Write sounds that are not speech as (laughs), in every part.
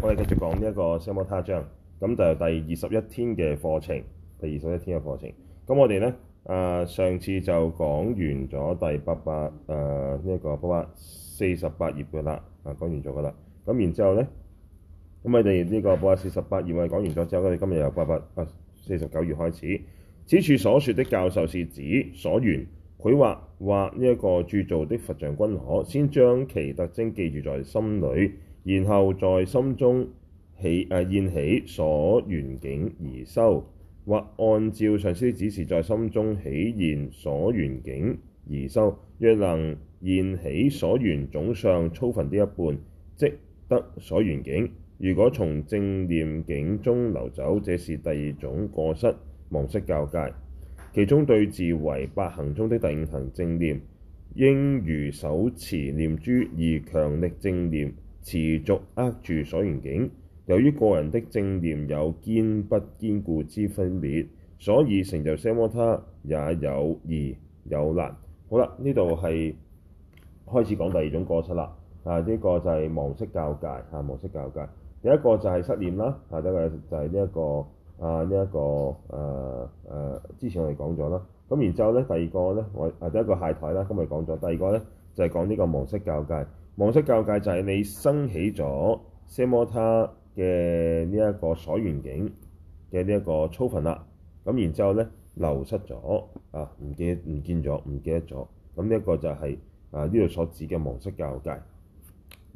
我哋繼續講呢一個《奢摩他章》，咁就第二十一天嘅課程，第二十一天嘅課程。咁我哋咧，啊、呃、上次就講完咗第八百誒呢一個八百四十八頁嘅啦，啊講完咗嘅啦。咁然之後咧，咁我哋呢個八百四十八頁講完咗之後，我哋今日由八百八四十九頁開始。此處所說的教授是指所緣，佢話話呢一個鑄造的佛像均可，先將其特徵記住在心裡。然後在心中起誒現、啊、起所緣境而修，或按照上師指示，在心中起現所緣境而修。若能現起所緣總相粗分的一半，即得所緣境。如果從正念境中流走，這是第二種過失，忘失教戒，其中對治為八行中的第五行，正念，應如手持念珠而強力正念。持續握住所緣境，由於個人的正念有堅不堅固之分別，所以成就三摩他也有易有難。好啦，呢度係開始講第二種過失啦。啊，呢、這個就係、是、忘失教授、啊，忘失教授。第一個就係失念啦，啊，第一個就係呢一個啊，呢一個誒誒，之前我哋講咗啦。咁然之後咧，第二個咧，我啊第一個下台啦，今日講咗，第二個咧就係講呢個忘失教授。忘失教授就係你升起咗 s 奢摩他嘅呢一個所緣境嘅呢一個粗分啦。咁然之後咧，流失咗啊，唔記唔見咗，唔記得咗。咁呢一個就係、是、啊呢度所指嘅忘失教授。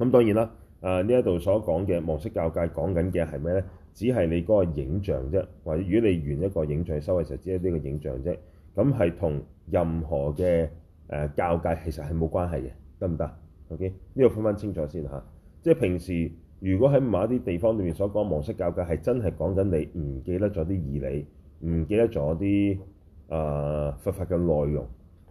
咁當然啦，啊呢一度所講嘅忘失教授講緊嘅係咩咧？只係你嗰個影像啫。或者如果你緣一個影像收嘅時候，只係呢個影像啫。咁係同任何嘅誒、呃、教授其實係冇關係嘅，得唔得？OK，呢度分翻清楚先嚇，即係平時如果喺某一啲地方裏面所講忘失教界係真係講緊你唔記得咗啲義理，唔記得咗啲啊佛法嘅內容。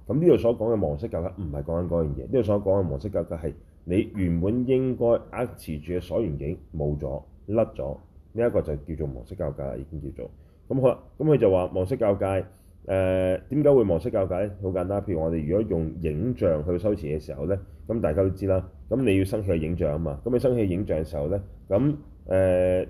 咁呢度所講嘅忘失教界唔係講緊嗰樣嘢，呢度所講嘅忘失教界係你原本應該握持住嘅所緣境冇咗、甩咗，呢、這、一個就叫做忘失教界，已經叫做咁好啦。咁佢就話忘失教界。誒點解會模式較緊？好簡單，譬如我哋如果用影像去修持嘅時候咧，咁大家都知啦。咁你要生起個影像啊嘛。咁你生起影像嘅時候咧，咁誒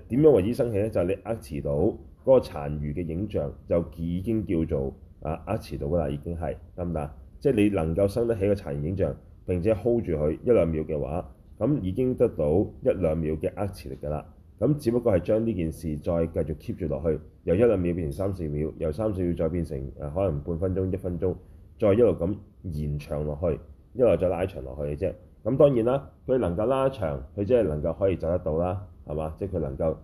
點樣為之生起咧？就係、是、你握持到嗰個殘餘嘅影像，就已經叫做啊握持到噶啦，已經係得唔得？即係、就是、你能夠生得起個殘餘影像，並且 hold 住佢一兩秒嘅話，咁已經得到一兩秒嘅握持力噶啦。咁只不過係將呢件事再繼續 keep 住落去，由一兩秒變成三四秒，由三四秒再變成誒、呃、可能半分鐘、一分鐘，再一路咁延長落去，一路再拉長落去嘅啫。咁當然啦，佢能夠拉長，佢即係能夠可以走得到啦，係嘛？即係佢能夠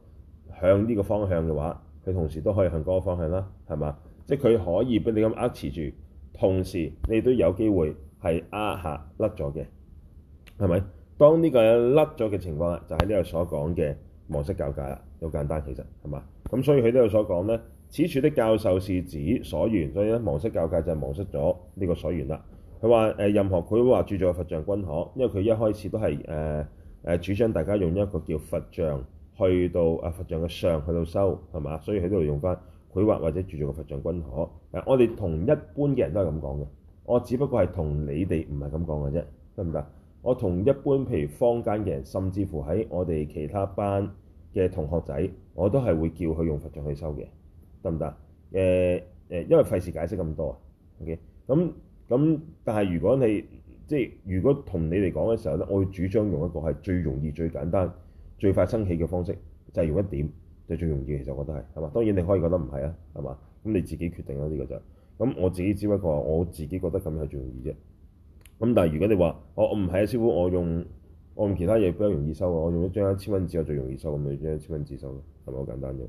向呢個方向嘅話，佢同時都可以向嗰個方向啦，係嘛？即係佢可以俾你咁握持住，同時你都有機會係呃下甩咗嘅，係咪？當呢個人甩咗嘅情況下，就喺呢度所講嘅。忘失教界啦，好簡單，其實係嘛？咁所以佢都有所講呢，此處的教授是指所緣，所以咧忘失教界就係忘失咗呢個所緣啦。佢話誒，任何繪畫、鑄造嘅佛像均可，因為佢一開始都係誒誒主張大家用一個叫佛像去到啊佛像嘅相去到修，係嘛？所以佢都用翻繪畫或者鑄造嘅佛像均可。誒、呃，我哋同一般嘅人都係咁講嘅，我只不過係同你哋唔係咁講嘅啫，得唔得？我同一般譬如坊間嘅人，甚至乎喺我哋其他班。嘅同學仔，我都係會叫佢用佛像去修嘅，得唔得？誒、呃、誒、呃，因為費事解釋咁多啊。OK，咁咁，但係如果你即係如果同你哋講嘅時候咧，我會主張用一個係最容易、最簡單、最快生起嘅方式，就係、是、用一點，就是、最容易。其實我覺得係，係嘛？當然你可以覺得唔係啊，係嘛？咁你自己決定啦，呢、這個就咁。我自己只不過我自己覺得咁樣係最容易啫。咁但係如果你話我我唔係啊，師傅我用。我用其他嘢比較容易收啊。我用一張一千蚊紙，我最容易收。咁，你張一千蚊紙收，係咪好簡單嘅？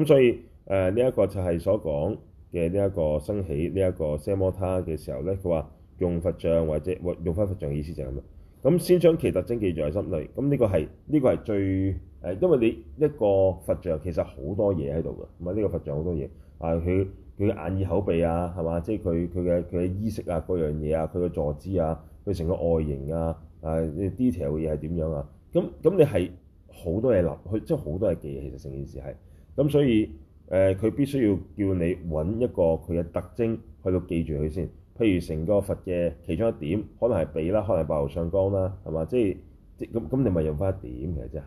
咁所以誒，呢、呃、一、這個就係所講嘅呢一個升起呢一、這個 samatha 嘅時候咧，佢話用佛像或者，或者用翻佛像嘅意思就係咁啦。咁先將其特徵記在心裏。咁呢個係呢、這個係最誒、呃，因為你一個佛像其實好多嘢喺度嘅，唔係呢個佛像好多嘢，啊佢佢嘅眼耳口鼻啊，係嘛，即係佢佢嘅佢嘅衣食啊，嗰樣嘢啊，佢嘅坐姿啊，佢成個外形啊。啊！detail 嘅嘢係點樣啊？咁咁你係好多嘢諗，佢即係好多嘢記。其實成件事係咁，所以誒，佢、呃、必須要叫你揾一個佢嘅特徵，去到記住佢先。譬如成個佛嘅其中一點，可能係鼻啦，可能係白毫上光啦，係嘛？即係即咁咁，你咪用翻一點嘅、其實，即係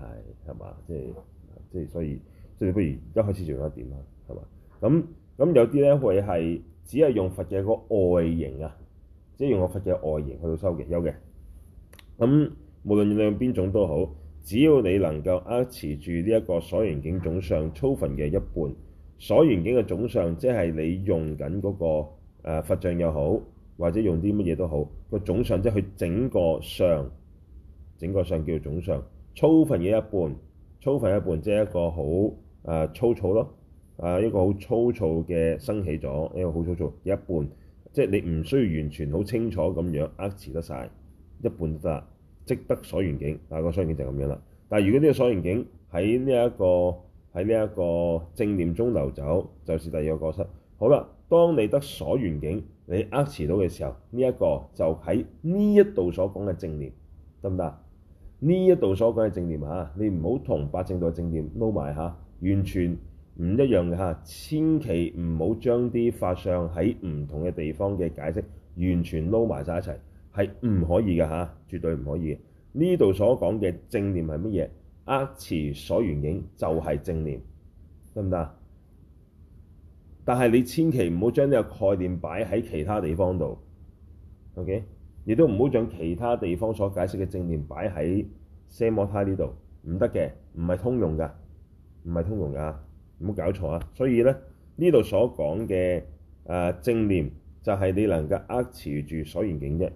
係嘛？即係即係，所以所以，所以不如一開始就用一點啦，係嘛？咁咁有啲咧，會係只係用佛嘅個外形啊，即係用個佛嘅外形去到修嘅，有嘅。咁、嗯、無論你用邊種都好，只要你能夠握持住呢一個所緣境總相粗分嘅一半，所緣境嘅總相，即係你用緊，那、嗰個、呃、佛像又好，或者用啲乜嘢都好，個總相即係佢整個相，整個相叫做總相，粗分嘅一半，粗分一半即係一個好誒、呃、粗糙咯，啊一個好粗糙嘅升起咗，一個好粗糙，一半，即係你唔需要完全好清楚咁樣握持得晒，一半得即得所緣境，但係個所緣境就咁樣啦。但係如果呢個所緣境喺呢一個喺呢一個正念中流走，就是第二個過失。好啦，當你得所緣境，你握持到嘅時候，呢一個就喺呢一度所講嘅正念，得唔得？呢一度所講嘅正念嚇，你唔好同八正道嘅正念撈埋嚇，完全唔一樣嘅嚇，千祈唔好將啲法相喺唔同嘅地方嘅解釋完全撈埋晒一齊。係唔可以嘅嚇，絕對唔可以。呢度所講嘅正念係乜嘢？握持所緣境就係正念，得唔得啊？但係你千祈唔好將呢個概念擺喺其他地方度。OK，亦都唔好將其他地方所解釋嘅正念擺喺奢摩他呢度，唔得嘅，唔係通用㗎，唔係通用㗎，唔好搞錯啊！所以咧，呢度所講嘅誒正念就係你能夠握持住所緣境啫。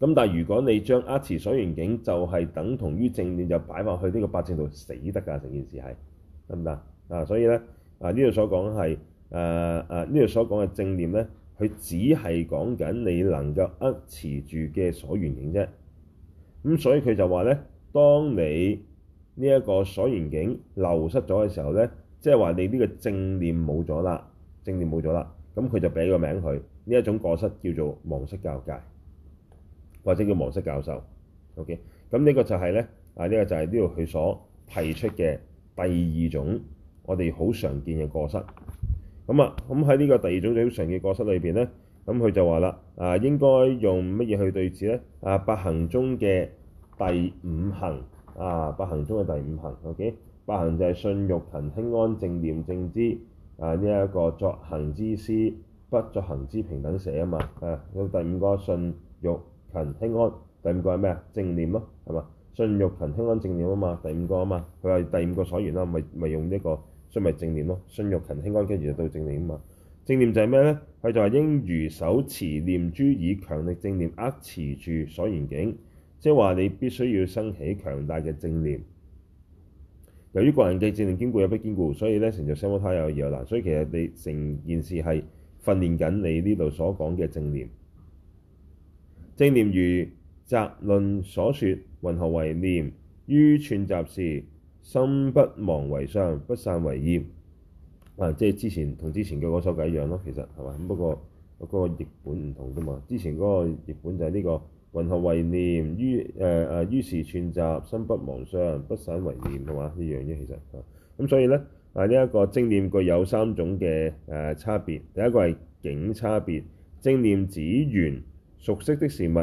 咁但係如果你將握持所緣境，就係等同於正念就擺落去呢個八正道，死得㗎，成件事係得唔得啊？所以咧啊，呢度所講係誒、誒、呢度所講嘅正念咧，佢只係講緊你能夠握持住嘅所緣境啫。咁、嗯、所以佢就話咧，當你呢一個所緣境流失咗嘅時候咧，即係話你呢個正念冇咗啦，正念冇咗啦，咁佢就俾個名佢呢一種過失叫做忘失教界。或者叫模式教授，OK，咁呢個就係咧啊，呢、呢個就係呢度佢所提出嘅第二種我哋好常見嘅過失。咁啊，咁喺呢個第二種最常見嘅過失裏邊咧，咁佢就話啦啊，應該用乜嘢去對治咧？啊，八行中嘅第五行啊，八行中嘅第五行，OK，八行就係信欲勤輕安正念、念正知啊，呢、呢、一個作行之思，不作行之平等捨啊嘛。啊，到第五個信欲。勤、輕安，第五個係咩啊？正念咯，係嘛？信欲勤、輕安、正念啊嘛，第五個啊嘛。佢話第五個所言啦，咪咪用呢、這個，所以咪正念咯。信欲勤慶、輕安跟住就到正念啊嘛。正念就係咩咧？佢就話應如手持念珠，以強力正念握持住所緣境，即係話你必須要升起強大嘅正念。由於個人嘅正念堅固有不堅固，所以咧成就奢摩他也易又難。所以其實你成件事係訓練緊你呢度所講嘅正念。正念如集論所說，云何為念？於串習事，心不忘為相、啊那個這個呃，不散為念。啊，即係之前同之前嘅嗰首偈一樣咯，其實係嘛？咁不過嗰個譯本唔同啫嘛。之前嗰個譯本就係呢個云何為念？於誒誒於是串習，心不忘相，不散為念，係嘛？一樣啫，其實。咁所以咧，啊呢一、這個正念具有三種嘅誒、呃、差別。第一個係境差別，正念只緣熟悉的事物，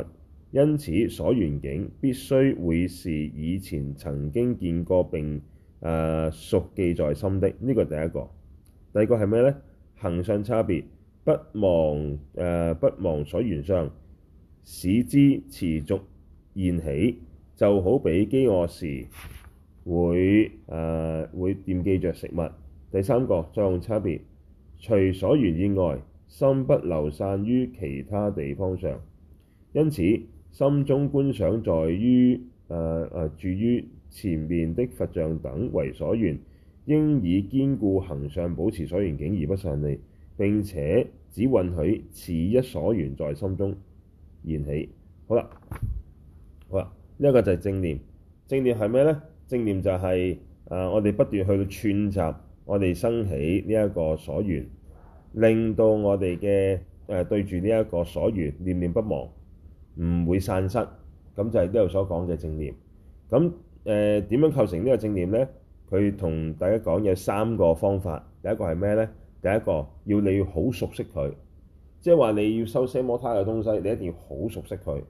因此所緣境必須會是以前曾經見過，並誒、呃、熟記在心的，呢個第一個。第二個係咩呢？行相差別，不忘誒、呃、不忘所緣相，使之持續現起，就好比飢餓時會誒、呃、會惦記着食物。第三個，作用差別，除所緣以外。心不流散於其他地方上，因此心中觀想在於誒誒住於前面的佛像等為所緣，應以堅固行相保持所緣境而不散離。並且只允許此一所緣在心中現起。好啦，好啦，呢、這、一個就係正念。正念係咩呢？正念就係、是、誒、呃、我哋不斷去串習，我哋生起呢一個所緣。令到我哋嘅誒對住呢一個所緣念念不忘，唔會散失，咁就係呢度所講嘅正念。咁誒點樣構成呢個正念呢？佢同大家講有三個方法。第一個係咩呢？第一個要你要好熟悉佢，即係話你要修奢摩他嘅東西，你一定要好熟悉佢。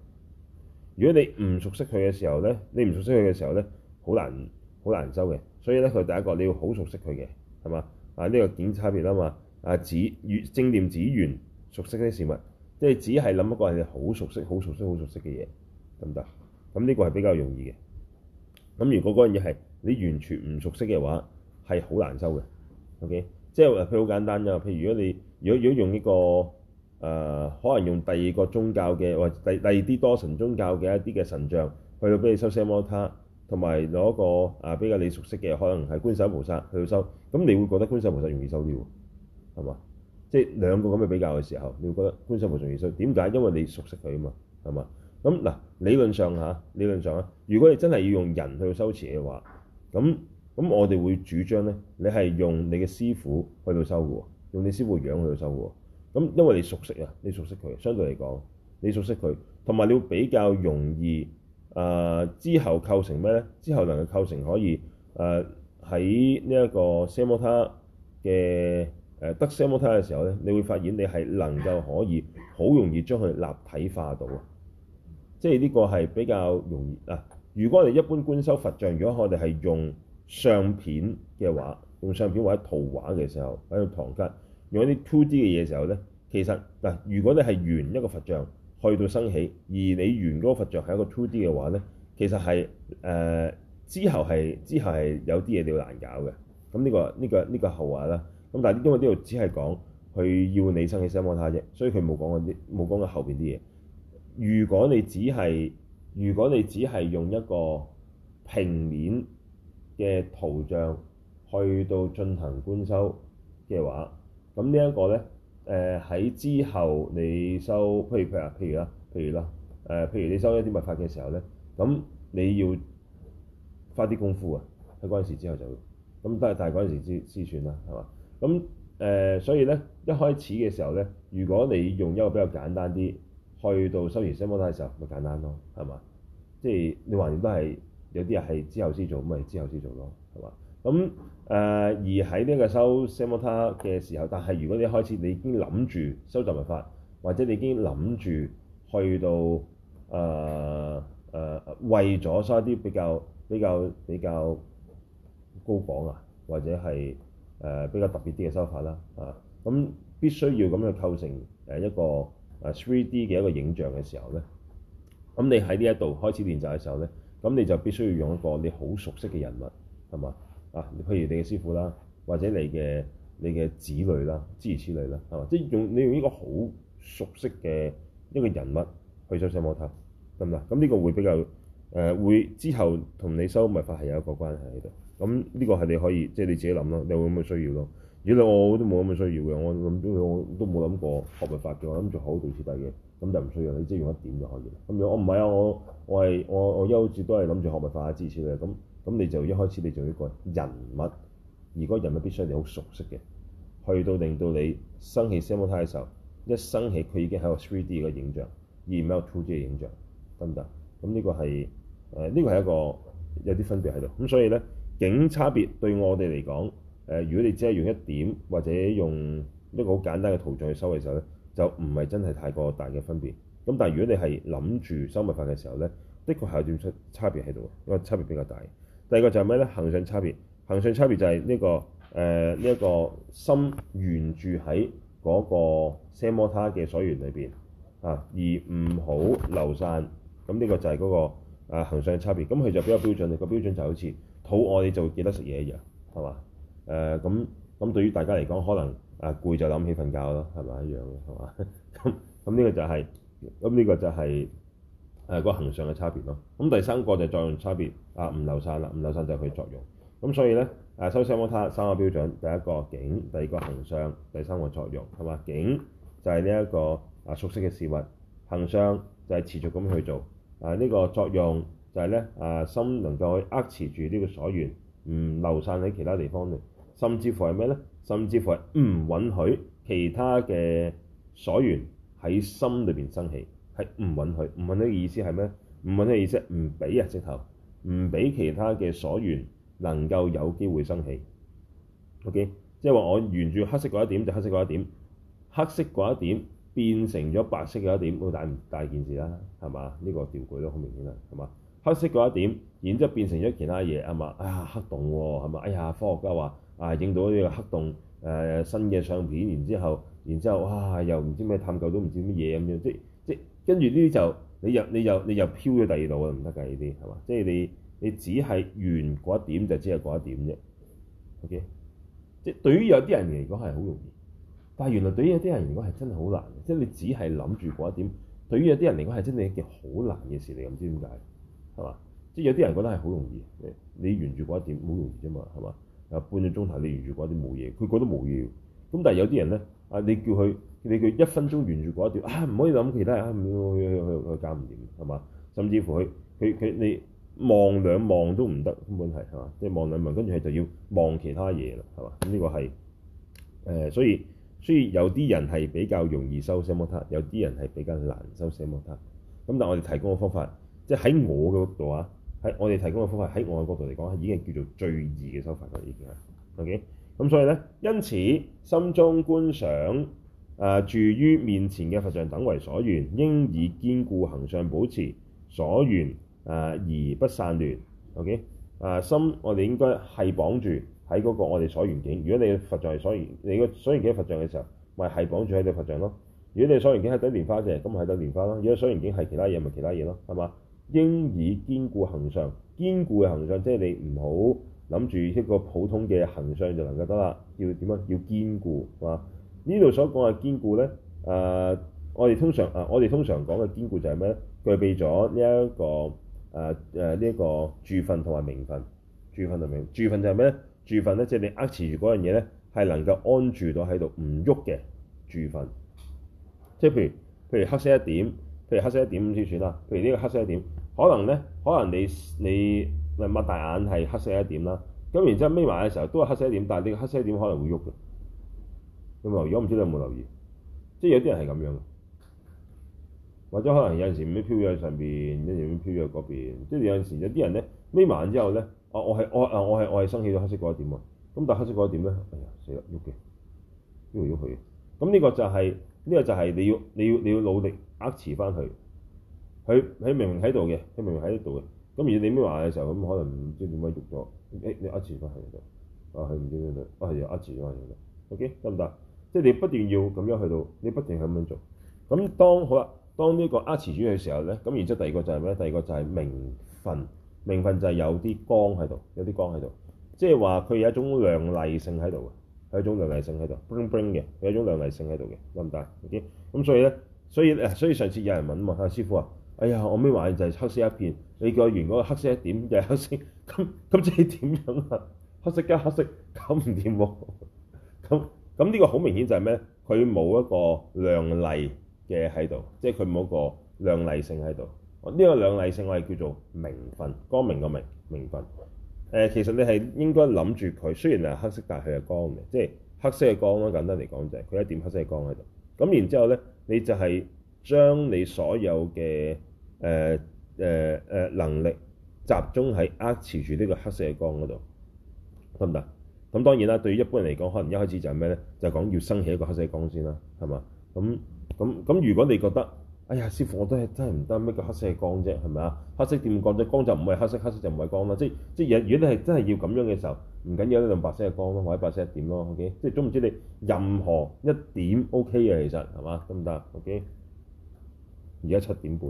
如果你唔熟悉佢嘅時候呢，你唔熟悉佢嘅時候呢，好難好難修嘅。所以呢，佢第一個你要好熟悉佢嘅係嘛？啊呢個境差別啊嘛？啊！指越正念只緣熟悉啲事物，即係只係諗一個係好熟悉、好熟悉、好熟悉嘅嘢，得唔得？咁呢個係比較容易嘅。咁如果嗰樣嘢係你完全唔熟悉嘅話，係好難收嘅。OK，即係話佢好簡單㗎。譬如如果你如果如果用呢、這個誒、呃，可能用第二個宗教嘅或第第二啲多神宗教嘅一啲嘅神像去到俾你收奢摩他，同埋攞個啊比較你熟悉嘅，可能係觀世菩薩去到收，咁你會覺得觀世菩薩容易收啲喎。係嘛？即係兩個咁嘅比較嘅時候，你會覺得觀心無從言說。點解？因為你熟悉佢啊嘛，係嘛？咁嗱理論上嚇，理論上咧，如果你真係要用人去修持嘅話，咁咁我哋會主張咧，你係用你嘅師傅去到修嘅喎，用你師傅樣去到修嘅喎。咁因為你熟悉啊，你熟悉佢，相對嚟講你熟悉佢，同埋你會比較容易啊、呃。之後構成咩咧？之後能夠構成可以誒喺呢一個奢摩他嘅。誒得三摩地嘅時候咧，你會發現你係能夠可以好容易將佢立體化到，即係呢個係比較容易啊。如果我哋一般觀修佛像，如果我哋係用相片嘅話，用相片或者圖畫嘅時候，喺度堂吉用一啲 two D 嘅嘢時候咧，其實嗱、啊，如果你係圓一個佛像去到生起，而你圓嗰個佛像係一個 two D 嘅話咧，其實係誒、呃、之後係之後係有啲嘢你要難搞嘅。咁呢、呢個呢、呢個呢、呢個後話啦。咁但係因為呢度只係講佢要你生起奢摩他啫，所以佢冇講嗰啲冇講過後邊啲嘢。如果你只係如果你只係用一個平面嘅圖像去到進行觀修嘅話，咁呢一個咧誒喺之後你修，譬如譬如啊譬如啦誒譬，譬如你修一啲密法嘅時候咧，咁你要花啲功夫啊喺嗰陣時之後就咁得，但係嗰陣時先算啦，係嘛？咁誒、嗯呃，所以咧，一開始嘅時候咧，如果你用一個比較簡單啲，去到收完奢摩他嘅時候，咪簡單咯，係嘛？即、就、係、是、你話亦都係有啲人係之後先做，咪、就是、之後先做咯，係嘛？咁、嗯、誒、呃，而喺呢個收奢摩他嘅時候，但係如果你一開始你已經諗住收就密法，或者你已經諗住去到誒誒、呃呃，為咗收一啲比較比較比較高榜啊，或者係。誒比較特別啲嘅修法啦，啊，咁必須要咁樣構成誒一個誒 three D 嘅一個影像嘅時候咧，咁、啊、你喺呢一度開始練習嘅時候咧，咁、啊、你就必須要用一個你好熟悉嘅人物，係嘛？啊，譬如你嘅師傅啦，或者你嘅你嘅子女啦，諸如此類啦，係嘛？即係用你用一個好熟悉嘅一個人物去修奢摩他，得唔得？咁呢個會比較誒、啊、會之後同你修密法係有一個關係喺度。咁呢個係你可以即係、就是、你自己諗咯。你有冇咁嘅需要咯？如果我都冇咁嘅需要嘅，我諗都我都冇諗過學物法嘅我諗住考到次第嘅，咁就唔需要。你即係用一點就可以。咁樣我唔係啊，我我係我我優先都係諗住學物法嘅知識咧。咁咁你就一開始你做一個人物，而個人物必須係你好熟悉嘅，去到令到你生起三維態嘅時候，一生起，佢已經喺個 three d 嘅影像，而唔係個 two d 嘅影像，得唔得？咁呢個係誒呢個係一個有啲分別喺度。咁所以咧。境差別對我哋嚟講，誒、呃，如果你只係用一點或者用一個好簡單嘅圖像去修嘅時候咧，就唔係真係太過大嘅分別。咁但係如果你係諗住修密法嘅時候咧，的確係有啲差差別喺度，因為差別比較大。第二個就係咩咧？行相差別，行相差別就係呢、這個誒呢一個心沿住喺嗰個奢摩他嘅所緣裏邊啊，而唔好流散。咁呢個就係嗰、那個啊行相差別。咁佢就比較標準嘅、那個標準就好似。好，我哋就會記得食嘢一樣，係嘛？誒咁咁對於大家嚟講，可能誒攰就諗起瞓覺咯，係咪一樣嘅？係嘛？咁咁呢個就係咁呢個就係、是、誒、那個行相嘅差別咯。咁第三個就作用差別啊，唔流散啦，唔流散就係佢作用。咁所以咧誒，所以奢摩他三個標準，第一個境，第二個行相，第三個作用，係嘛？境就係呢一個啊熟悉嘅事物，行相就係持續咁去做誒呢個作用。就係咧，啊心能夠去握持住呢個所緣，唔流散喺其他地方度，甚至乎係咩咧？甚至乎係唔允許其他嘅所緣喺心裏邊生起，係唔允許。唔允許嘅意思係咩？唔允許嘅意思唔俾啊，直頭唔俾其他嘅所緣能夠有機會生起。OK，即係話我緣住黑色嗰一點就黑色嗰一點，黑色嗰一點變成咗白色嗰一點，好大件大件事啦，係嘛？呢、這個掉舉都好明顯啦，係嘛？黑色嗰一點，然之後變成咗其他嘢啊嘛！哎呀，黑洞喎、啊，係嘛？哎呀，科學家話啊，影到呢個黑洞誒、呃、新嘅相片，然之後，然之後啊，又唔知咩探究都，都唔知乜嘢咁樣，即係即係跟住呢啲就你又，你又你又漂咗第二度啊，唔得㗎呢啲，係嘛？即係你你只係圓嗰一點就只係嗰一點啫。O.K. 即對於有啲人嚟講係好容易，但係原來對於有啲人嚟講係真係好難。即係你只係諗住嗰一點，對於有啲人嚟講係真係一件好難嘅事，你唔知點解。係嘛？即係 (music) 有啲人覺得係好容易，你沿住嗰一點好容易啫嘛，係嘛？誒，半個鐘頭你沿住嗰一點冇嘢，佢覺得冇嘢。咁但係有啲人咧，啊，你叫佢，你叫佢一分鐘沿住嗰一段，啊，唔可以諗其他，啊，去去去去搞唔掂，係嘛？甚至乎佢，佢佢你望兩望都唔得，根本係係嘛？即係望兩望，跟住係就要望其他嘢啦，係嘛？咁呢個係誒、呃，所以所以有啲人係比較容易收奢摩他，有啲人係比較難收奢摩他。咁但係我哋提供嘅方法。即喺我嘅角度啊，喺我哋提供嘅方法喺我嘅角度嚟講，已經係叫做最易嘅手法啦。已經係 OK 咁，所以咧，因此心中觀想誒、呃，住於面前嘅佛像等為所緣，應以堅固行相保持所緣誒、呃、而不散亂。OK 誒、呃，心我哋應該係綁住喺嗰個我哋所緣境。如果你佛像係所緣，你嘅所緣境佛像嘅時候，咪係綁住喺你佛像咯。如果你所緣境係對蓮花嘅，咁係對蓮花咯。如果所緣境係其他嘢，咪、就是、其他嘢咯，係嘛？應以堅固行相，堅固嘅行相，即係你唔好諗住一個普通嘅行相就能夠得啦。要點啊？要堅固，係嘛？呢度所講嘅堅固咧，誒、呃，我哋通常啊、呃，我哋通常講嘅堅固就係咩咧？具備咗呢一個誒誒呢一個住分同埋明分。住分同明分，住分就係咩咧？住分咧，即係你握持住嗰樣嘢咧，係能夠安住到喺度唔喐嘅住分。即係譬如譬如黑色一點，譬如黑色一點先算啦。譬如呢個黑色一點。可能咧，可能你你咪擘大眼係黑色一點啦，咁然之後眯埋嘅時候都係黑色一點，但係你個黑色一點可能會喐嘅。咁啊，有冇留意？我唔知你有冇留意？即係有啲人係咁樣嘅，或者可能有陣時咁漂咗上邊，有陣時漂咗嗰邊，即係有陣時有啲人咧眯埋眼之後咧，啊我係我啊我係我係生起咗黑色嗰一點啊，咁但係黑色嗰一點咧，哎呀死啦喐嘅，飄嚟飄去嘅。咁呢、嗯這個就係、是、呢、這個就係你要你要，你要，你，要，你，要你要努力握持返佢。呃呃佢喺明明喺度嘅，佢明明喺度嘅。咁而你咩話嘅時候，咁可能唔知點解喐咗。你你呃住翻喺度，啊係唔知點度。啊係又呃住翻喺度。O K 得唔得？即係你不斷要咁樣去到，你不斷咁樣做。咁當好啦，當呢個呃住轉嘅時候咧，咁然之後第二個就係咩？第二個就係名分，名分就係有啲光喺度，有啲光喺度。即係話佢有一種亮麗性喺度嘅，有一種亮麗性喺度，bling bling 嘅，有一種亮麗性喺度嘅，得唔得？O K。咁所以咧，所以咧，所以上次有人問啊、嘛，師傅啊。哎呀，我咪話就係、是、黑色一片，你叫我完原個黑色一點又、就是、黑色，咁咁即係點樣啊？黑色加黑色搞唔掂喎！咁咁呢個好明顯就係咩？佢冇一個亮麗嘅喺度，即係佢冇一個亮麗性喺度。呢、這個亮麗性我係叫做明分，光明個明明分。誒、呃，其實你係應該諗住佢，雖然係黑色，但係佢係光嘅，即係黑色嘅光。簡單嚟講就係佢一點黑色嘅光喺度。咁然之後咧，你就係將你所有嘅誒誒誒，能力集中喺呃持住呢個黑色嘅光嗰度，得唔得？咁當然啦，對於一般人嚟講，可能一開始就係咩咧？就係、是、講要生起一個黑色嘅光先啦，係嘛？咁咁咁，如果你覺得哎呀，師傅我都係真係唔得，咩叫黑色嘅光啫？係咪啊？黑色點嘅光，即光就唔係黑色，黑色就唔係光啦。即即係如果你係真係要咁樣嘅時候，唔緊要呢兩白色嘅光咯，或者白色一點咯，OK 即。即係總唔知你任何一點 OK 嘅，其實係嘛？得唔得？OK。而家七點半。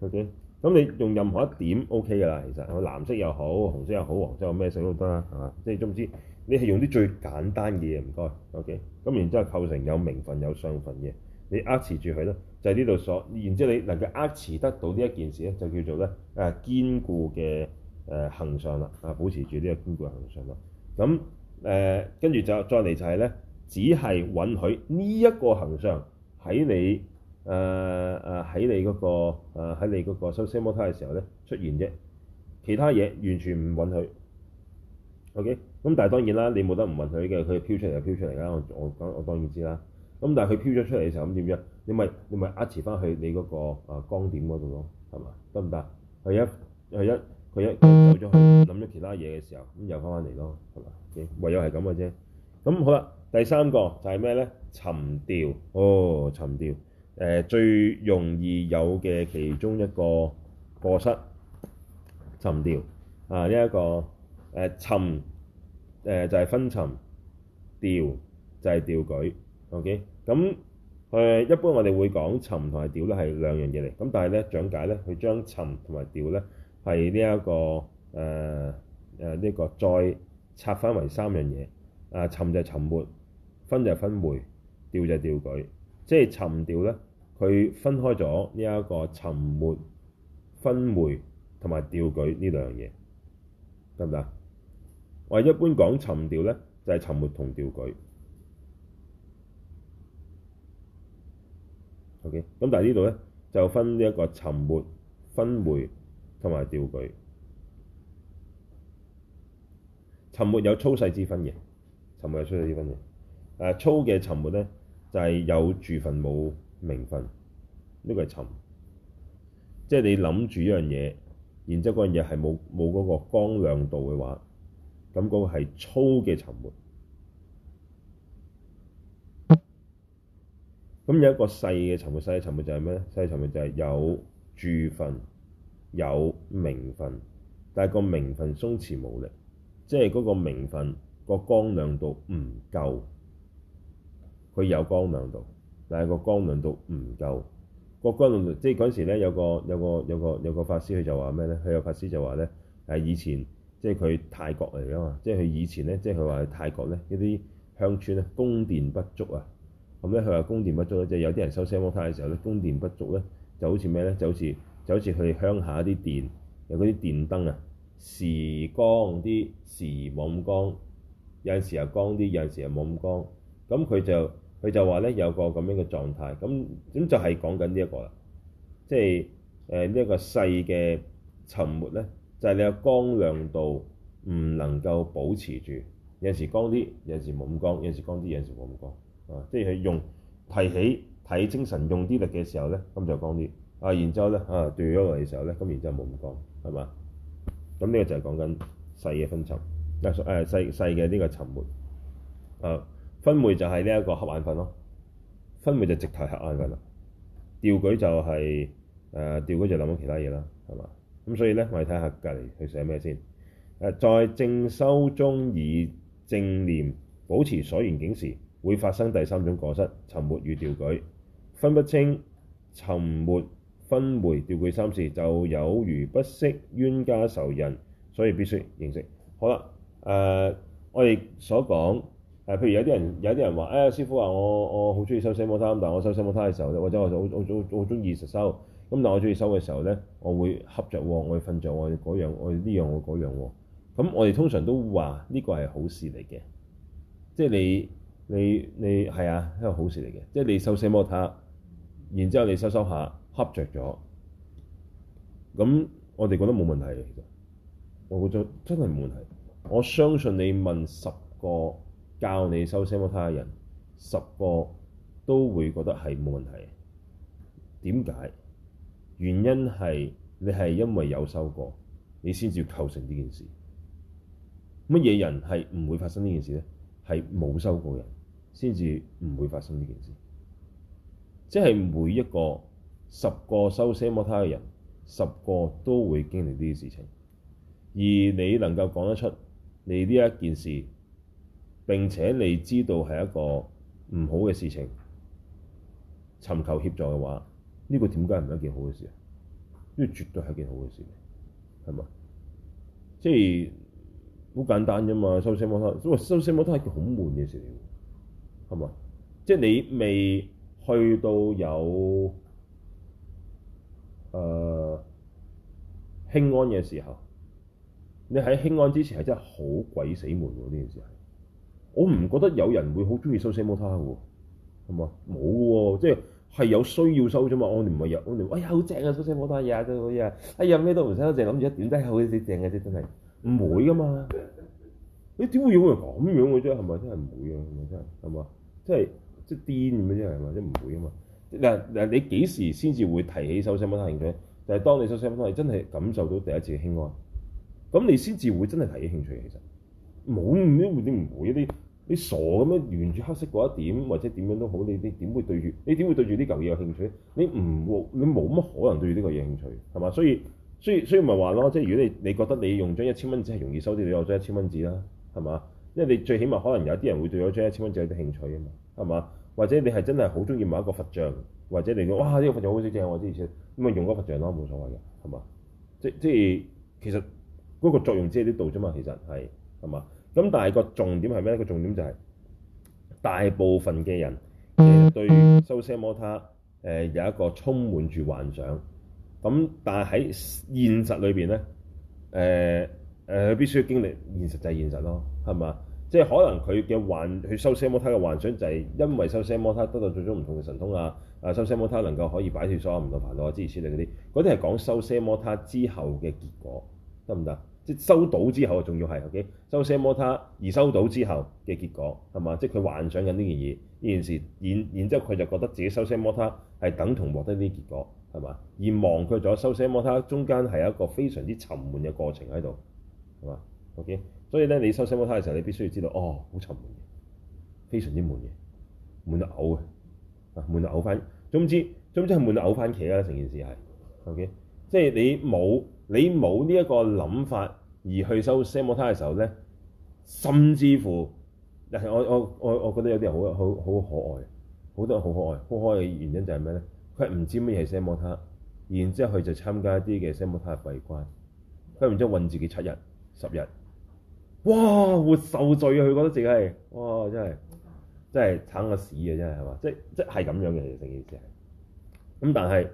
O K，咁你用任何一點 O K 噶啦，其實我藍色又好，紅色又好，黃色咩色都得啦，係嘛？即係總之，你係用啲最簡單嘅嘢，唔該。O K，咁然之後構成有明分有相分嘅，你握持住佢啦，就係呢度所。然之後你能夠握持得到呢一件事咧，就叫做咧誒、啊、堅固嘅誒行相啦，啊、呃、保持住呢個堅固嘅行相啦。咁誒跟住就再嚟就係咧，只係允許呢一個行相喺你。誒誒喺你嗰、那個喺、啊、你嗰、那個奢摩他嘅時候咧出現啫，其他嘢完全唔允許。OK，咁但係當然啦，你冇得唔允許嘅，佢飄出嚟就飄出嚟啦。我我我當然知啦。咁但係佢飄咗出嚟嘅時候，咁點樣？你咪你咪壓持翻去你嗰、那個、呃、光點嗰度咯，係嘛？得唔得？佢一佢一佢一走咗去諗咗其他嘢嘅時候，咁又翻翻嚟咯，係嘛？OK，唯有係咁嘅啫。咁好啦，第三個就係咩咧？沉掉哦，沉掉。誒、呃、最容易有嘅其中一個過失沉掉啊，呢一、這個誒、呃、沉誒、呃、就係、是、昏沉掉就係、是、掉舉 OK 咁、嗯、誒、呃、一般我哋會講沉同埋掉咧係兩樣嘢嚟，咁但係咧講解咧，佢將沉同埋掉咧係呢一、這個誒誒呢個再拆翻為三樣嘢啊、呃、沉就係沉沒，昏就係昏昧，掉就係掉舉。即係沉掉咧，佢分開咗呢一個沉沒、昏昧同埋掉舉呢兩樣嘢，得唔得？我一般講沉掉咧，就係、是、沉沒同掉舉。OK，咁但係呢度咧就分呢一個沉沒、昏昧同埋掉舉。沉沒有粗細之分嘅，沉沒有粗細之分嘅。誒，粗嘅沉沒咧。就係有住分冇明分，呢個係沉。即係你諗住一樣嘢，然之後嗰樣嘢係冇冇嗰個光亮度嘅話，咁嗰個係粗嘅沉沒。咁、嗯、有一個細嘅沉沒，細嘅沉沒就係咩咧？細嘅沉沒就係有住分有明分，但係個明分鬆弛無力，即係嗰個明分個光亮度唔夠。佢有光亮度，但係個光亮度唔夠。個光亮度即係嗰陣時咧，有個有個有個有個法師，佢就話咩咧？佢有法師就話咧，係以前即係佢泰國嚟啊嘛。即係佢以前咧，即係佢話泰國咧，一啲鄉村咧，供電不足啊。咁咧，佢話供電不足咧，即係有啲人修奢摩他嘅時候咧，供電不足咧，就好似咩咧？就好似就好似佢鄉下啲電有嗰啲電燈啊，時光啲時冇咁光，有陣時又光啲，有陣時又冇咁光。咁佢就。佢就話咧，有個咁樣嘅狀態，咁咁就係講緊呢一個啦，即係誒呢一個細嘅沉沒咧，就係、是、你個光亮度唔能夠保持住，有陣時光啲，有陣時冇咁光，有陣時光啲，有陣時冇咁光啊，即係佢用提起、提精神用啲力嘅時候咧，咁就光啲啊，然之後咧啊，掉咗落嚟嘅時候咧，咁然之後冇咁光，係嘛？咁呢個就係講緊細嘅分層，誒、啊、誒細嘅呢個沉沒啊。昏昧就係呢一個瞌眼瞓咯，昏昧就直頭瞌眼瞓啦，掉舉就係誒掉舉就諗到其他嘢啦，係嘛？咁所以咧，我哋睇下隔離去寫咩先？誒、呃，在正修中以正念保持所緣境時，會發生第三種過失：沉沒與掉舉，分不清沉沒、昏昧、掉舉三事，就有如不識冤家仇人，所以必須認識。好啦，誒、呃、我哋所講。誒，譬如有啲人有啲人話，誒、哎、師傅話我我好中意修奢摩他，但係我修奢摩他嘅時候，或者我好我好中意實修。咁但係我中意收嘅時候咧，我會瞌著，我會瞓着，我會嗰樣，我呢樣，我嗰樣。咁我哋通常都話呢個係好事嚟嘅，即係你你你係啊，呢個好事嚟嘅。即係你修奢摩他，然之後你收收下瞌着咗，咁我哋覺得冇問題嘅。其實我覺得真係冇問題。我相信你問十個。教你修奢摩他嘅人，十個都會覺得係冇問題。點解？原因係你係因為有修過，你先至構成呢件事。乜嘢人係唔會發生呢件事呢？係冇修過人先至唔會發生呢件事。即係每一個十個修奢摩他嘅人，十個都會經歷呢啲事情。而你能夠講得出你呢一件事，並且你知道係一個唔好嘅事情，尋求協助嘅話，呢、這個點解唔係一件好嘅事啊？呢、這個絕對係件好嘅事，係嘛？即係好簡單啫嘛，奢摩他，因為奢摩他係件好悶嘅事嚟嘅，係嘛？即係你未去到有誒輕、呃、安嘅時候，你喺輕安之前係真係好鬼死悶喎，呢件事係。我唔覺得有人會好中意修奢摩他嘅喎，係嘛？冇喎、啊，即係係有需要修啫嘛。我哋唔係有，我哋哎呀好正啊！修奢摩他嘢啊，真係啊！哎呀咩都唔使修，正諗住一點都係好死正嘅啫，真係唔會噶嘛。你點會有人咁樣嘅啫？係咪真係唔會啊？係咪真係係嘛？即係即係癲咁樣啫係嘛？即係唔會啊嘛。嗱嗱，你幾時先至會提起修奢摩他興趣？就係當你修奢摩他係真係感受到第一次嘅輕安，咁你先至會真係提起興趣。其實冇，你你唔會一啲。你傻咁樣沿住黑色嗰一點，或者點樣都好，你你點會對住，你點會對住呢嚿嘢有興趣？你唔冇，你冇乜可能對住呢個嘢興趣，係嘛？所以所以所以咪話咯，即係如果你你覺得你用張一千蚊紙係容易收啲，你用張一千蚊紙啦，係嘛？因為你最起碼可能有啲人會對咗張一千蚊紙有啲興趣啊嘛，係嘛？或者你係真係好中意某一個佛像，或者你講哇，呢個佛像好少正，我之而且咁咪用嗰個佛像咯，冇所謂嘅，係嘛？即即係其實嗰個作用即係呢度啫嘛，其實係，係嘛？咁但係個重點係咩咧？個重點就係大部分嘅人其實對修奢摩他誒有一個充滿住幻想。咁但係喺現實裏邊咧，誒、呃、誒、呃、必須要經歷現實就係現實咯，係嘛？即、就、係、是、可能佢嘅幻，佢修奢摩他嘅幻想就係因為修奢摩他得到最終唔同嘅神通啊！啊，修奢摩他能夠可以擺脫所有唔同煩惱啊、諸如此類嗰啲，嗰啲係講修奢摩他之後嘅結果，得唔得？即收到之後，仲要係，OK？修奢摩他，而收到之後嘅結果係嘛？即係佢幻想緊呢件嘢，呢件事，然然之後佢就覺得自己修奢摩他係等同獲得呢啲結果，係嘛？而忘卻咗修奢摩他中間係一個非常之沉悶嘅過程喺度，係嘛？OK？所以咧，你修奢摩他嘅時候，你必須要知道，哦，好沉悶嘅，非常之悶嘅，悶到嘔嘅，啊，悶到嘔翻，總之總之係悶到嘔翻佢啦，成件事係，OK？即係你冇。你冇呢一個諗法而去修奢摩他嘅時候咧，甚至乎，我我我我覺得有啲人好好好可愛，好多人好可愛。好可愛嘅原因就係咩咧？佢唔知乜嘢係奢摩他，然之後佢就參加一啲嘅奢摩他閉關，佢然之後困住佢七日十日，哇！活受罪啊！佢覺得自己哇，真係棒真係慘過屎啊！真係係嘛？即即係咁樣嘅成件事。咁、嗯、但係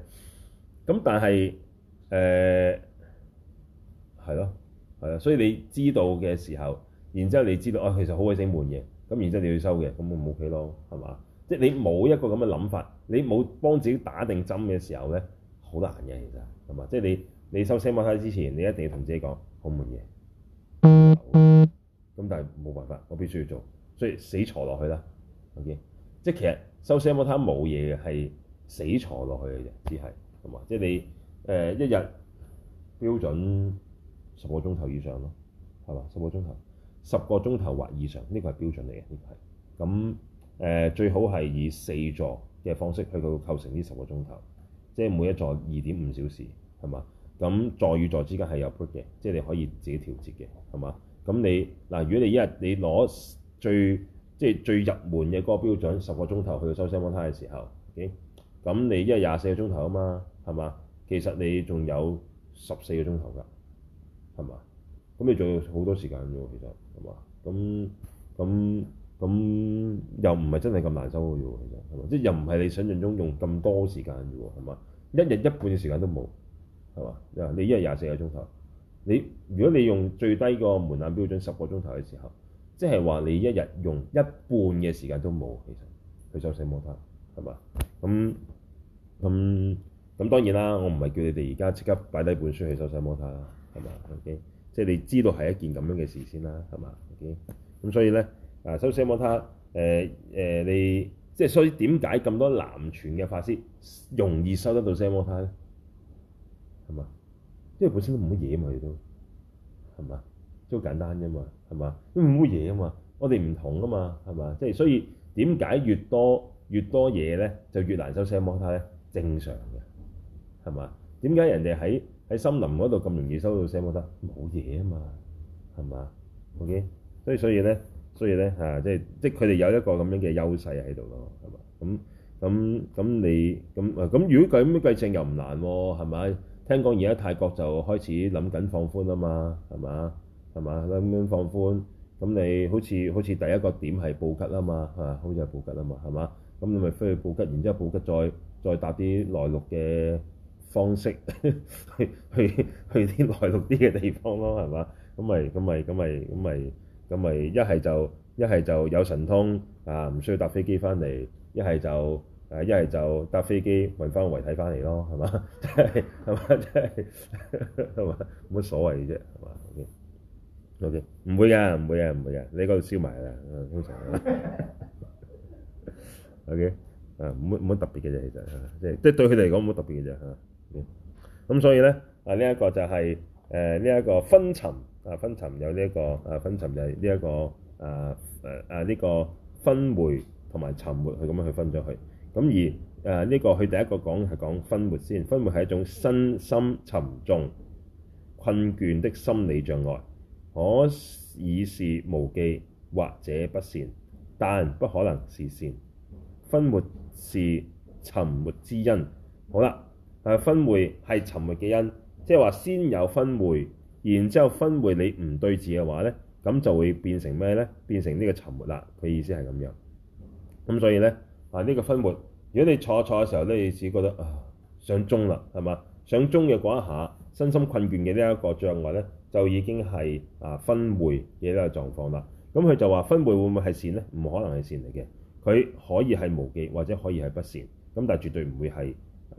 咁但係誒。所以你知道嘅時候，然之後你知道啊，其實好鬼死悶嘅，咁然之後你要收嘅，咁咪冇計咯，係嘛？即係你冇一個咁嘅諗法，你冇幫自己打定針嘅時候咧，好難嘅，其實係嘛？即係你你修奢摩他之前，你一定要同自己講好悶嘢，悶。咁但係冇辦法，我必須要做，所以死坐落去啦。OK，即係其實修奢摩他冇嘢嘅，係死坐落去嘅啫，只係係嘛？即係你誒、呃、一日標準。十個鐘頭以上咯，係嘛？十個鐘頭，十個鐘頭或以上呢個係標準嚟嘅，呢個係咁誒。最好係以四座嘅方式去到構成呢十個鐘頭，即係每一座二點五小時，係嘛？咁座與座之間係有 break 嘅，即係你可以自己調節嘅，係嘛？咁你嗱、呃，如果你一日你攞最即係最入門嘅嗰個標準十個鐘頭去到收奢摩他嘅時候，ok，咁你一日廿四個鐘頭啊嘛，係嘛？其實你仲有十四個鐘頭㗎。係嘛？咁你仲要好多時間啫，其實係嘛？咁咁咁又唔係真係咁難修嘅啫，其實係嘛？即係又唔係你想象中用咁多時間啫喎，係嘛？一日一半嘅時間都冇，係嘛？啊，你一日廿四個鐘頭，你如果你用最低個門檻標準十個鐘頭嘅時候，即係話你一日用一半嘅時間都冇。其實去修奢摩他，係嘛？咁咁咁當然啦，我唔係叫你哋而家即刻擺低本書去修奢摩他啦。係嘛？OK，即係你知道係一件咁樣嘅事先啦，係嘛？OK，咁所以咧，啊收奢摩他、呃呃、你即係所以點解咁多南傳嘅法師容易收得到奢摩他咧？係嘛？因為本身都冇乜嘢嘛，都係嘛？最簡單啫嘛，係嘛？都冇乜嘢啊嘛，我哋唔同啊嘛，係嘛？即係所以點解越多越多嘢咧，就越難收奢摩他咧？正常嘅，係嘛？點解人哋喺喺森林嗰度咁容易收到聲，我覺得，冇嘢啊嘛，係嘛？O K，所以所以咧，所以咧嚇、啊，即係即係佢哋有一個咁樣嘅優勢喺度咯，係嘛？咁咁咁你咁咁如果佢咁樣計證又唔難喎，啊，係咪？聽講而家泰國就開始諗緊放寬啊嘛，係嘛？係嘛？諗緊放寬，咁你好似好似第一個點係布吉啊嘛，嚇，啊，好似係布吉啊嘛，係嘛？咁你咪飛去布吉，然之後布吉再再搭啲內陸嘅。方式去去去啲內陸啲嘅地方咯，係嘛？咁咪咁咪咁咪咁咪咁咪一係就一係就有神通啊！唔需要搭飛機翻嚟，一係就誒一係就搭飛機運翻個遺體翻嚟咯，係嘛？係嘛？即係係嘛？冇乜所謂嘅啫，係嘛？O.K. O.K. 唔會嘅，唔會嘅，唔會嘅，你嗰度燒埋啦，通常。O.K. 誒，冇乜冇乜特別嘅啫，其實嚇，即係即係對佢嚟講冇乜特別嘅啫嚇。咁所以咧，啊呢一、這個就係誒呢一個分層啊，分層有呢、這、一個啊分層就係呢一個啊啊呢、這個昏昧同埋沉沒去咁樣去分咗去。咁而誒呢、啊這個佢第一個講係講昏昧先，昏昧係一種身心沉重、困倦的心理障礙，可以是無記或者不善，但不可能是善。昏昧是沉沒之因。好啦。但係昏昧係沉沒嘅因，即係話先有昏昧，然之後昏昧你唔對治嘅話咧，咁就會變成咩咧？變成呢個沉沒啦。佢意思係咁樣。咁所以咧，啊、這、呢個昏昧，如果你坐坐嘅時候咧，自己覺得啊想終啦，係嘛？想終嘅嗰一下，身心困倦嘅呢一個障礙咧，就已經係啊昏，昏昧嘅呢個狀況啦。咁佢就話昏昧會唔會係善咧？唔可能係善嚟嘅。佢可以係無記，或者可以係不善，咁但係絕對唔會係。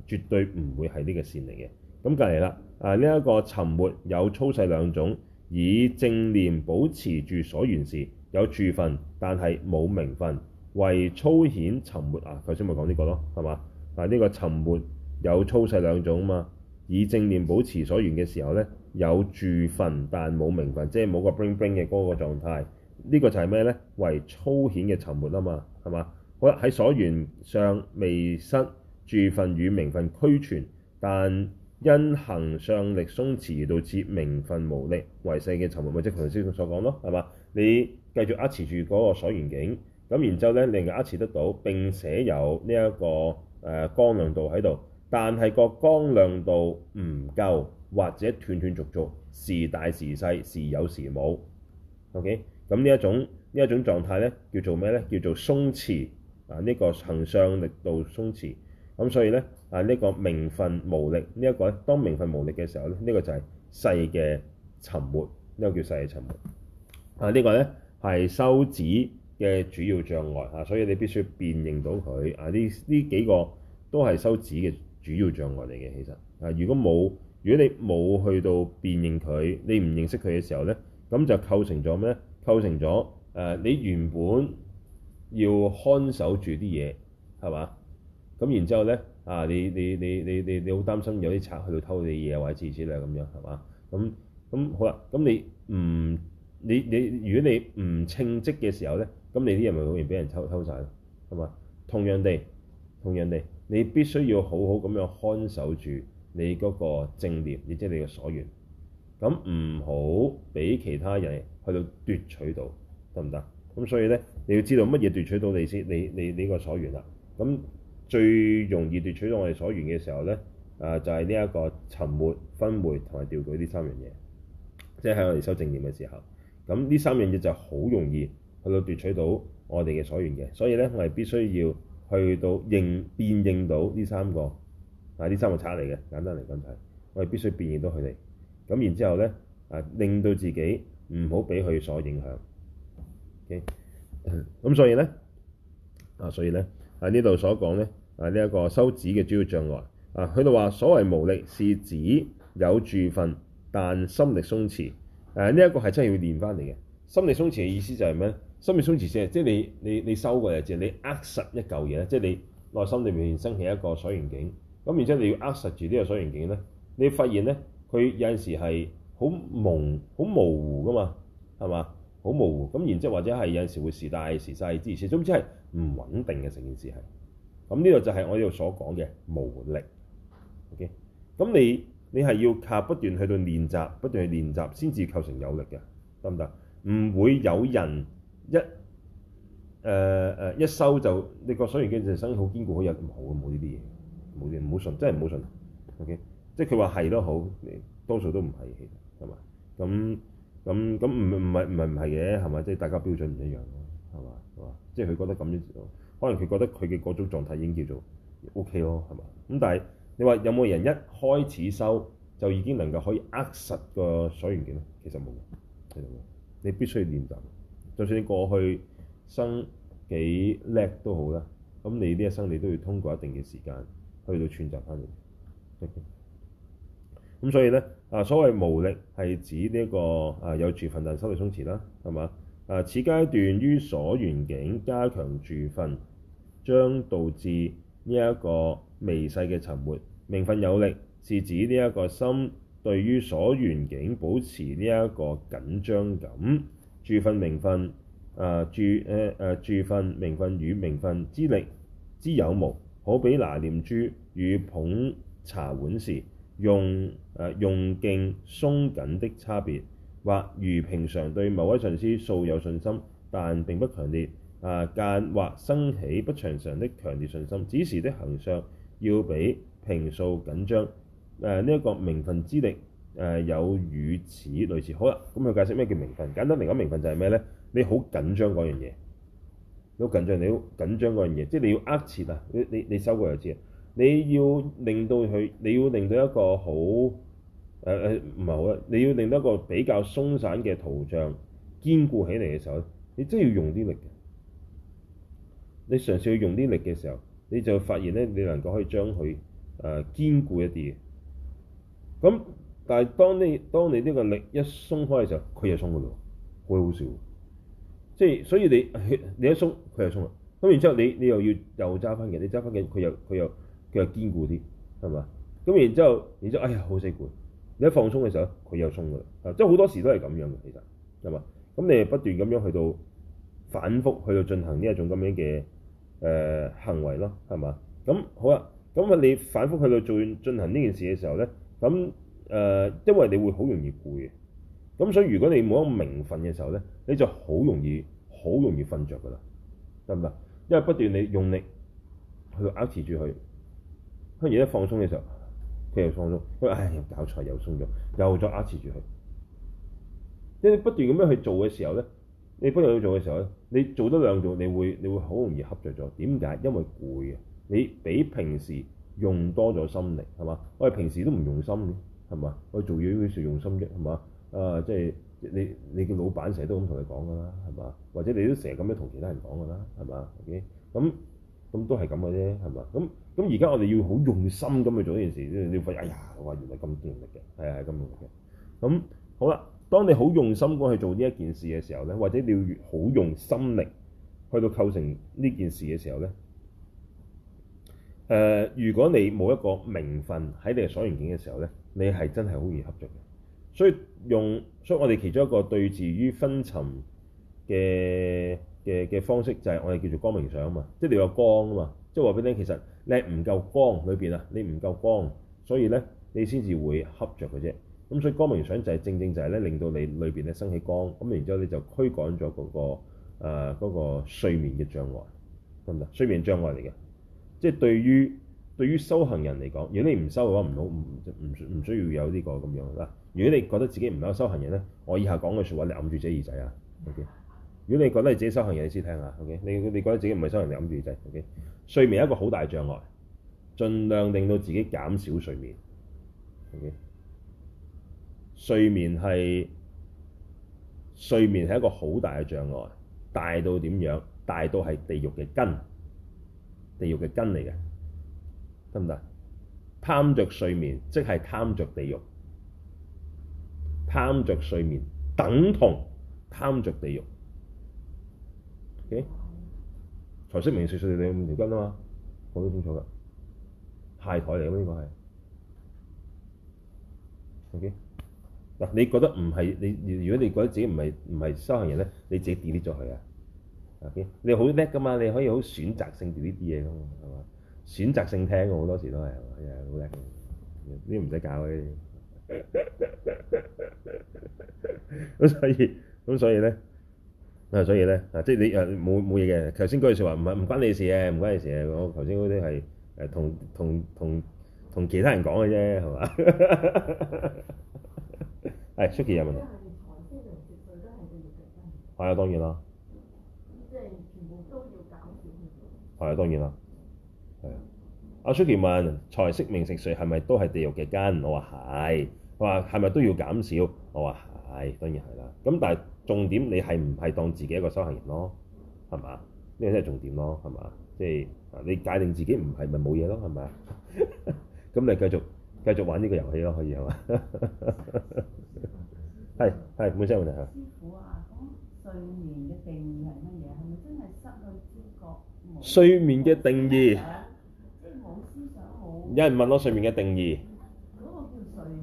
絕對唔會係呢個線嚟嘅，咁隔離啦。啊，呢、這、一個沉沒有粗細兩種，以正念保持住所緣時，有住分，但係冇明分；為粗顯沉沒啊。頭先咪講呢個咯，係嘛？啊，呢、這個沉沒有粗細兩種啊嘛，以正念保持所緣嘅時候呢，有住分但冇明分，即係冇個 bling bling 嘅嗰個狀態，呢、這個就係咩呢？為粗顯嘅沉沒啊嘛，係嘛？好啦，喺所緣上未失。住分與明分俱存，但因行相力鬆弛而導致明分無力為細嘅沉沒，咪即係頭先所講咯，係嘛？你繼續握持住嗰個所緣境，咁，然之後咧你握持得到並且有呢、這、一個誒、呃、光亮度喺度，但係個光亮度唔夠或者斷斷續續，時大時細，時有時冇。OK，咁、嗯、呢一種呢一種狀態咧叫做咩咧？叫做鬆弛啊！呢、這個行相力度鬆弛。咁所以咧，啊呢、這個名分無力、這個、呢一個咧，當名分無力嘅時候咧，呢、這個就係細嘅沉沒，呢、這個叫細嘅沉沒。啊、這個、呢個咧係修止嘅主要障礙嚇、啊，所以你必須辨認到佢。啊呢呢幾個都係修止嘅主要障礙嚟嘅，其實。啊如果冇，如果你冇去到辨認佢，你唔認識佢嘅時候咧，咁就構成咗咩咧？構成咗誒、啊、你原本要看守住啲嘢係嘛？咁然之後咧，啊！你你你你你你好擔心有啲賊去到偷你嘢或者自之類咁樣係嘛？咁咁好啦，咁你唔你你，你如果你唔稱職嘅時候咧，咁你啲人咪會唔會俾人偷偷晒？咧？係嘛？同樣地，同樣地，你必須要好好咁樣看守住你嗰個正念，亦即係你嘅所緣。咁唔好俾其他人去到奪取到，得唔得？咁所以咧，你要知道乜嘢奪取到你先，你你呢個所緣啦。咁最容易奪取到我哋所緣嘅時候呢，啊、呃，就係呢一個沉沒、昏昧同埋掉舉呢三樣嘢，即係喺我哋修正念嘅時候。咁呢三樣嘢就好容易去到奪取到我哋嘅所緣嘅，所以呢，我哋必須要去到認辨認到呢三個啊，呢三個賊嚟嘅，簡單嚟講就係我哋必須辨認到佢哋。咁然之後呢，啊，令到自己唔好俾佢所影響。咁、okay? 嗯、所以呢，啊，所以呢，喺呢度所講呢。啊！呢、這、一個修止嘅主要障礙啊，佢就話所謂無力是指有住分，但心力鬆弛。誒呢一個係真要練返嚟嘅。心力鬆弛嘅意思就係咩？心力鬆弛先係即係你你你，你收過嚟，即係你扼實一嚿嘢，即係你內心裏面升起一個所緣境咁，而且你要扼實住呢個所緣境咧，你發現咧佢有陣時係好朦好模糊㗎嘛，係嘛好模糊咁。然之後或者係有陣時會時大時細之類，總之係唔穩定嘅成件事係。咁呢個就係我呢度所講嘅無力，OK？咁你你係要靠不斷去到練習，不斷去練習先至構成有力嘅，得唔得？唔會有人一誒誒、呃、一收就你個收完嘅就身好堅固，有好有咁好嘅冇呢啲嘢。冇啲唔好信，真係唔好信，OK？即係佢話係都好，多數都唔係，係嘛？咁咁咁唔唔係唔係唔係嘅，係嘛？即係、就是、大家標準唔一樣咯，係嘛？即係佢覺得咁樣。可能佢覺得佢嘅嗰種狀態已經叫做 O、OK、K 咯，係嘛？咁但係你話有冇人一開始收就已經能夠可以扼實個鎖元件咧？其實冇，其實你必須要練習，就算你過去生幾叻都好啦。咁你呢一生你都要通過一定嘅時間去到串習翻嚟。咁、okay? 所以咧啊，所謂無力係指呢、這個啊有住分但心力鬆弛啦，係嘛？啊此階段於所緣境加強住分。將導致呢一個微細嘅沉沒。明分有力是指呢一個心對於所緣境保持呢一個緊張感。住分明分，啊住，誒、誒住分明分與明分之力之有無，好比拿念珠與捧茶碗時用，誒、呃、用勁鬆緊的差別，或如平常對某位上師素有信心，但並不強烈。啊，間或生起不尋常的強烈信心。此時的行相要比平素緊張。誒呢一個明分之力誒、呃、有與此類似。好啦，咁佢解釋咩叫明分？簡單嚟講，明分就係咩咧？你好緊張嗰樣嘢，你好緊張，你好緊張嗰樣嘢，即係你要握持啊！你你你收過就知，你要令到佢，你要令到一個好誒誒唔係好，你要令到一個比較鬆散嘅圖像堅固起嚟嘅時候咧，你真要用啲力嘅。你嘗試去用啲力嘅時候，你就發現咧，你能夠可以將佢誒、呃、堅固一啲嘅。咁但係當你當你呢個力一鬆開嘅時候，佢又鬆噶啦，好好笑。即係所以你你一鬆佢又鬆啦。咁然之後你你又，你又要又揸翻嘅，你揸翻嘅佢又佢又佢又，又堅固啲，係嘛？咁然之後然之後哎呀好死攰！你一放鬆嘅時候，佢又鬆噶啦。即係好多時都係咁樣嘅，其實係嘛？咁你係不斷咁樣去到反覆去到進行呢一種咁樣嘅。誒、呃、行為咯，係嘛？咁好啦、啊，咁啊你反覆去到做進行呢件事嘅時候咧，咁誒、呃，因為你會好容易攰嘅，咁所以如果你冇一個明分嘅時候咧，你就好容易好容易瞓着噶啦，得唔得？因為不斷你用力去到壓持住佢，跟住一放鬆嘅時候，佢又放鬆，佢、哎、唉又搞錯又鬆咗，又再壓持住佢，即係不斷咁樣去做嘅時候咧。你不如去做嘅時候咧，你做得兩做，你會你會好容易瞌着咗。點解？因為攰啊！你比平時用多咗心力，係嘛？我哋平時都唔用心嘅，係嘛？我做嘢要時用心啫，係嘛？啊、呃，即係你你叫老闆成日都咁同你講㗎啦，係嘛？或者你都成日咁樣同其他人講㗎啦，係嘛？OK，咁咁都係咁嘅啫，係嘛？咁咁而家我哋要好用心咁去做呢件事，你你發現哎呀，我話原來咁勁力嘅，係啊係咁嘅。咁好啦。當你好用心咁去做呢一件事嘅時候呢，或者你要好用心力去到構成呢件事嘅時候呢，誒、呃，如果你冇一個明分喺你嘅所緣境嘅時候呢，你係真係好易瞌著嘅。所以用，所以我哋其中一個對治昏沉嘅嘅嘅方式，就係我哋叫做光明想啊嘛，即係你有光啊嘛，即係話俾你其實你唔夠光裏邊啊，面你唔夠光，所以呢，你先至會瞌著嘅啫。咁、嗯、所以光明想就係、是、正正就係咧，令到你裏邊咧升起光，咁、嗯、然之後你就驅趕咗嗰個誒、呃那個、睡眠嘅障礙，得唔得？睡眠障礙嚟嘅，即係對於對於修行人嚟講，如果你唔修嘅話，唔好唔唔需唔需要有呢、這個咁樣啦。如果你覺得自己唔係修行人咧，我以下講嘅説話你揞住自己耳仔啊。O K。如果你覺得你自己修行人，你先聽下。O、okay? K。你你覺得自己唔係修行人，揞住耳仔。O K。睡眠係一個好大障礙，盡量令到自己減少睡眠。O K。睡眠係睡眠係一個好大嘅障礙，大到點樣？大到係地獄嘅根，地獄嘅根嚟嘅，得唔得？貪着睡眠即係貪着地獄，貪着睡眠等同貪着地獄。OK，財色名食睡，你有五條根啊嘛，我都清楚噶，牌台嚟噶呢個係。OK。嗱，你覺得唔係你，如果你覺得自己唔係唔係修行人咧，你自己 delete 咗佢啊。啊、okay?，你你好叻㗎嘛，你可以好選擇性 delete 呢啲嘢嘅嘛，係嘛？選擇性聽好多時都係，係啊，好叻嘅。啲唔使搞嘅。咁 (laughs) 所以，咁所以咧、啊，所以咧，嗱，即係你啊，冇冇嘢嘅。頭先嗰句説話唔係唔關你事嘅，唔關你事嘅。我頭先嗰啲係誒同同同同，同其他人講嘅啫，係嘛？ (laughs) 誒，Suki 有問題。財啊、嗯，當然啦。即係全部都要減少。係啊、嗯哎，當然啦。係啊，阿、啊、Suki 問：財色名食睡係咪都係地獄嘅根？我話係。佢話係咪都要減少？我話係，當然係啦。咁但係重點，你係唔係當自己一個修行人咯？係嘛？呢個都係重點咯，係嘛？即係啊，你界定自己唔係咪冇嘢咯？係嘛？咁 (laughs) 你繼續。繼續玩呢個遊戲咯，可以係嘛？係係，本身問題係。師傅啊，講睡眠嘅定義係乜嘢？係咪真係失去知覺？睡眠嘅定義。有人問我睡眠嘅定義。嗰個叫睡眠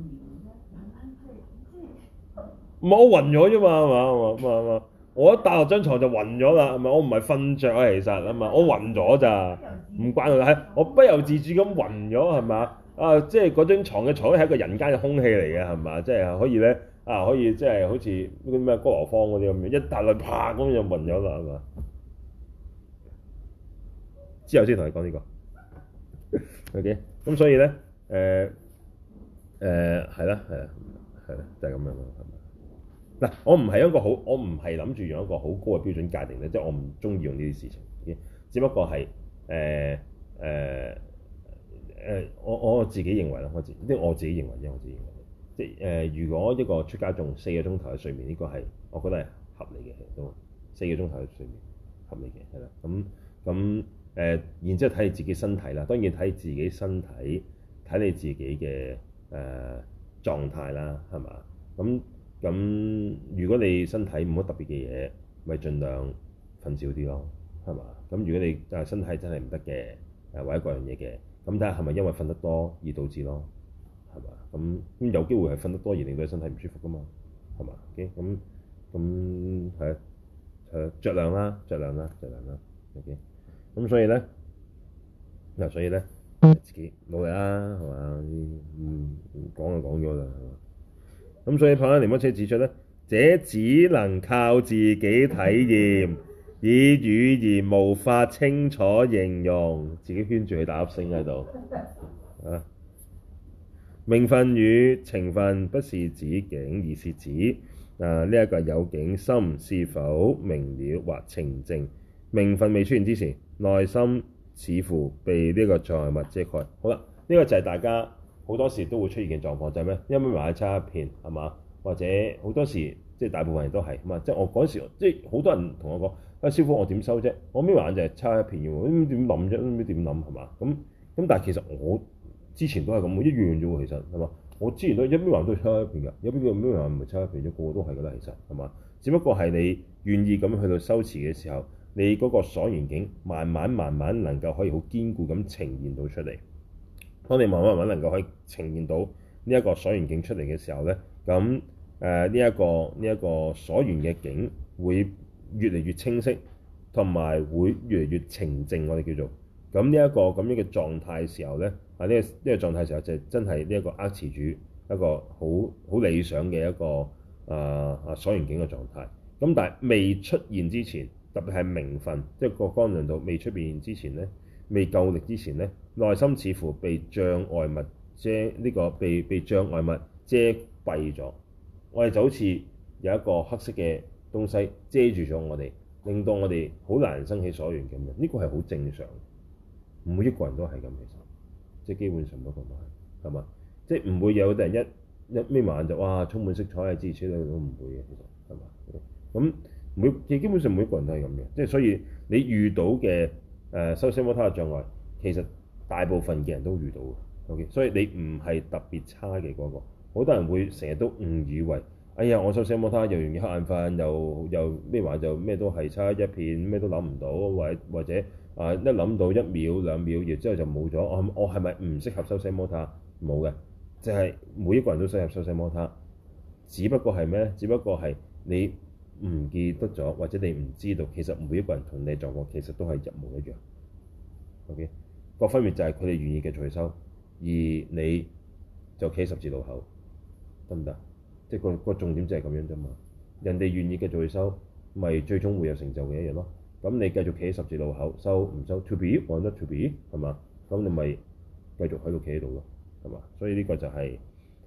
唔係 (laughs) 我暈咗啫嘛，係嘛？係嘛？係嘛？我一搭落張床就暈咗啦，唔係我唔係瞓着啊，其實啊嘛，我暈咗咋，唔關佢，係、嗯嗯、我不由自主咁暈咗，係嘛？啊，即係嗰張牀嘅床咧，係一個人間嘅空氣嚟嘅，係嘛？即係可以咧，啊，可以即係好似啲咩哥羅芳嗰啲咁樣，一踏落啪咁就暈咗啦，係嘛？之後先同你講呢個 (laughs) OK。咁所以咧，誒誒係啦，係、呃、啊，係啦，就係咁樣咯，係嘛？嗱，我唔係一個好，我唔係諗住用一個好高嘅標準界定咧，即係我唔中意用呢啲事情，只不過係誒誒。呃呃誒、呃，我我自己認為啦，我自即係我自己認為啫。我自己認為即係誒、呃，如果一個出家眾四個鐘頭嘅睡眠，呢、這個係我覺得係合理嘅。都四個鐘頭嘅睡眠合理嘅係啦。咁咁誒，然之後睇你自己身體啦。當然睇自己身體，睇你自己嘅誒狀態啦，係嘛？咁、呃、咁、嗯嗯，如果你身體冇乜特別嘅嘢，咪盡量瞓少啲咯，係嘛？咁、嗯、如果你但係身體真係唔得嘅，誒、呃、或者各樣嘢嘅。咁睇下係咪因為瞓得多而導致咯，係嘛？咁咁有機會係瞓得多而令到你身體唔舒服噶嘛，係嘛？OK，咁咁係係着量啦，着量啦，着量啦，OK。咁所以咧，嗱，所以咧自己努力啦，係嘛、嗯？嗯，講就講咗啦，係嘛？咁所以帕繃喀大師指出咧，這只能靠自己體驗，以語言無法清楚形容，自己圈住佢打鴨聲喺度。啊，明分與澄分不是指境，而是指啊呢一，這個有境心是否明瞭或澄淨。明分未出現之前，內心似乎被呢個障礙物遮蓋。好啦，呢，這個就係大家好多時都會出現嘅狀況，就係、是、咩？因米麻差一片，係嘛？或者好多時。即係大部分人都係咁啊！即係我嗰時，即係好多人同我講：啊、哎，師傅，我點修啫？我邊還就係差一片嘅喎，咁點諗啫？咁點諗係嘛？咁咁，但係其實我之前都係咁，一樣啫喎。其實係嘛？我之前都一邊還都係差一片嘅，一邊個邊還唔係差一片啫。個個都係㗎啦，其實係嘛？只不過係你願意咁去到修持嘅時候，你嗰個所緣境慢慢慢慢能夠可以好堅固咁呈現到出嚟。當你慢慢慢慢能夠可以呈現到呢一個所緣境出嚟嘅時候咧，咁。誒呢一個呢一、這個所緣嘅境會越嚟越清晰，同埋會越嚟越澄淨。我哋叫做咁呢一個咁樣嘅狀態時候咧，喺、啊、呢、這個呢、這個狀態時候就真係呢一個呃持住一個好好理想嘅一個啊啊、呃、所緣境嘅狀態。咁但係未出現之前，特別係明分即係個光亮度未出現之前呢，未夠力之前呢，內心似乎被障礙物遮呢、這個被被障礙物遮蔽咗。我哋就好似有一個黑色嘅東西遮住咗我哋，令到我哋好難生起所緣咁樣。呢個係好正常，每一個人都係咁，其實即係基，基本上每一個人都係，係嘛？即係唔會有啲人一一眯眼就哇充滿色彩嘅資源車都唔會嘅，其實係嘛？咁每即基本上每個人都係咁嘅，即係所以你遇到嘅誒、呃、修奢摩他嘅障礙，其實大部分嘅人都遇到嘅。O.K. 所以你唔係特別差嘅嗰、那個。好多人會成日都誤以為，哎呀，我修奢摩他又容易黑眼瞓，又又咩話，就咩都係差一片，咩都諗唔到，或者或者啊，一諗到一秒兩秒，然之後就冇咗。我我係咪唔適合修奢摩他？冇嘅，即係每一個人都適合修奢摩他，只不過係咩？只不過係你唔記得咗，或者你唔知道，其實每一個人同你狀況其實都係一模一樣。OK，個分別就係佢哋願意嘅取收，而你就企十字路口。得唔得？即係個個重點就係咁樣啫嘛。人哋願意繼續去收，咪最終會有成就嘅一日咯。咁你繼續企喺十字路口收唔收、mm hmm.？To be or not to be，係嘛？咁你咪繼續喺度企喺度咯，係嘛？所以呢個就係、是、誒、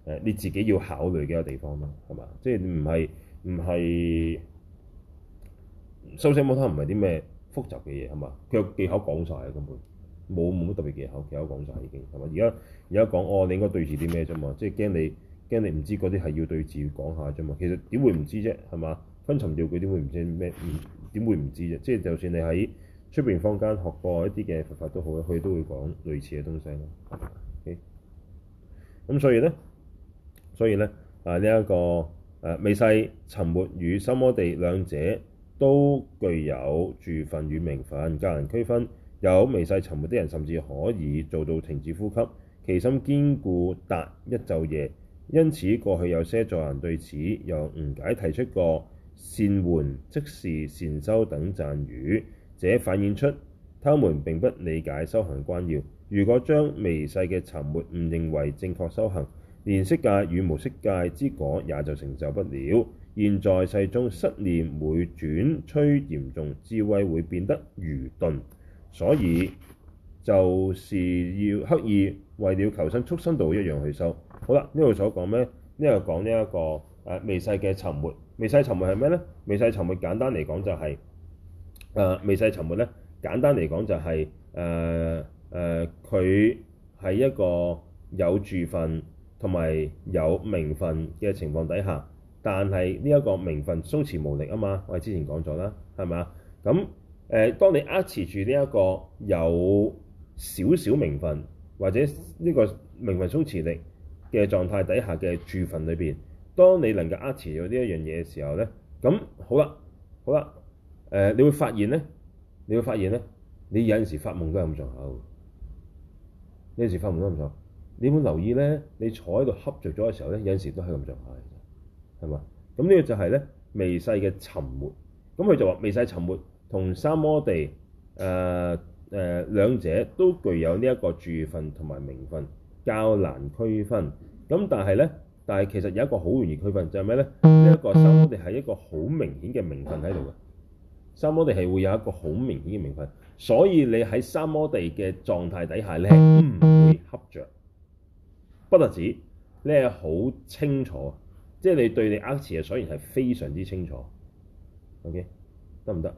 呃、你自己要考慮嘅一個地方咯，係嘛？即係你唔係唔係修奢摩他唔係啲咩複雜嘅嘢係嘛？佢有技巧講晒，根本冇冇乜特別技巧，技巧講晒已經係嘛？而家而家講哦，你應該對住啲咩啫嘛？即係驚你。驚你唔知嗰啲係要對自己講下啫嘛。其實點會唔知啫，係嘛？昏沉掉佢點會唔知咩？唔、嗯、點會唔知啫？即、就、係、是、就算你喺出邊坊間學過一啲嘅佛法都好，佢都會講類似嘅東西咯。咁、okay? 所以咧，所以咧啊，呢、這、一個誒微細沉沒與三摩地兩者都具有住分與明分，較難區分。有微細沉沒的人，甚至可以做到停止呼吸，其心堅固達一晝夜。因此，過去有些藏人對此有誤解，提出過善緩、即是善修等讚語，這反映出他們並不理解修行關要。如果將微細嘅沉沒誤認為正確修行，連色界與無色界之果也就成就不了。現在世中失念會轉趨嚴重，智慧會變得愚鈍，所以，就是要刻意為了求生，畜生道一樣去修。好啦，呢度所講咩？呢度講呢一個誒、呃、微細嘅沉沒。微細沉沒係咩呢？微細沉沒簡單嚟講就係、是、誒、呃、微細沉沒呢。簡單嚟講就係誒誒佢係一個有住分同埋有明分嘅情況底下，但係呢一個明分鬆弛無力啊嘛。我之前講咗啦，係咪啊？咁誒、呃，當你扼持住呢一個有少少名分或者呢個名分鬆弛力嘅狀態底下嘅住份裏邊，當你能夠呃持到呢一樣嘢嘅時候咧，咁好啦，好啦，誒、呃，你會發現咧，你會發現咧，你有陣時發夢都係咁上下嘅，有陣時發夢都咁上下。你會留意咧，你坐喺度瞌著咗嘅時候咧，有陣時都係咁上下嘅，係嘛？咁呢個就係咧微細嘅沉沒。咁佢就話微細沉沒同三摩地誒。呃誒兩、呃、者都具有呢一個住分同埋明分，較難區分。咁但係呢，但係其實有一個好容易區分就係、是、咩呢？呢一 (noise) 個三摩地係一個好明顯嘅明分喺度嘅。三摩地係會有一個好明顯嘅明分，所以你喺三摩地嘅狀態底下，呢，唔會瞌着。不特止，你係好清楚，即、就、係、是、你對你呃詞嘅所緣係非常之清楚。OK，得唔得？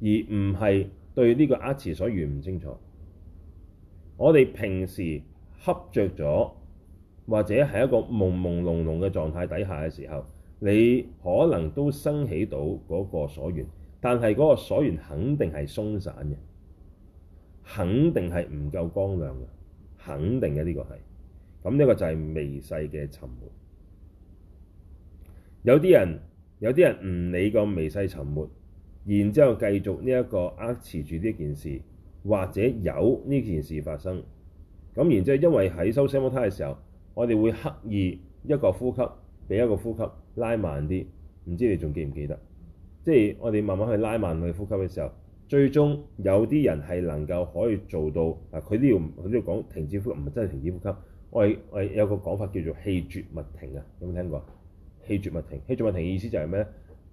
而唔係。對呢個阿慈所緣唔清楚。我哋平時瞌着咗，或者係一個朦朦朧朧嘅狀態底下嘅時候，你可能都升起到嗰個所緣，但係嗰個所緣肯定係鬆散嘅，肯定係唔夠光亮嘅，肯定嘅呢個係。咁呢個就係微細嘅沉沒。有啲人有啲人唔理個微細沉沒。然之後繼續呢一個呃持住呢件事，或者有呢件事發生。咁然之後，因為喺收深呼吸嘅時候，我哋會刻意一個呼吸俾一個呼吸拉慢啲。唔知你仲記唔記得？即係我哋慢慢去拉慢佢呼吸嘅時候，最終有啲人係能夠可以做到嗱，佢都要佢都要講停止呼吸，唔係真係停止呼吸。我哋我哋有個講法叫做氣絕勿停啊，有冇聽過啊？氣絕勿停，氣絕勿停嘅意思就係咩？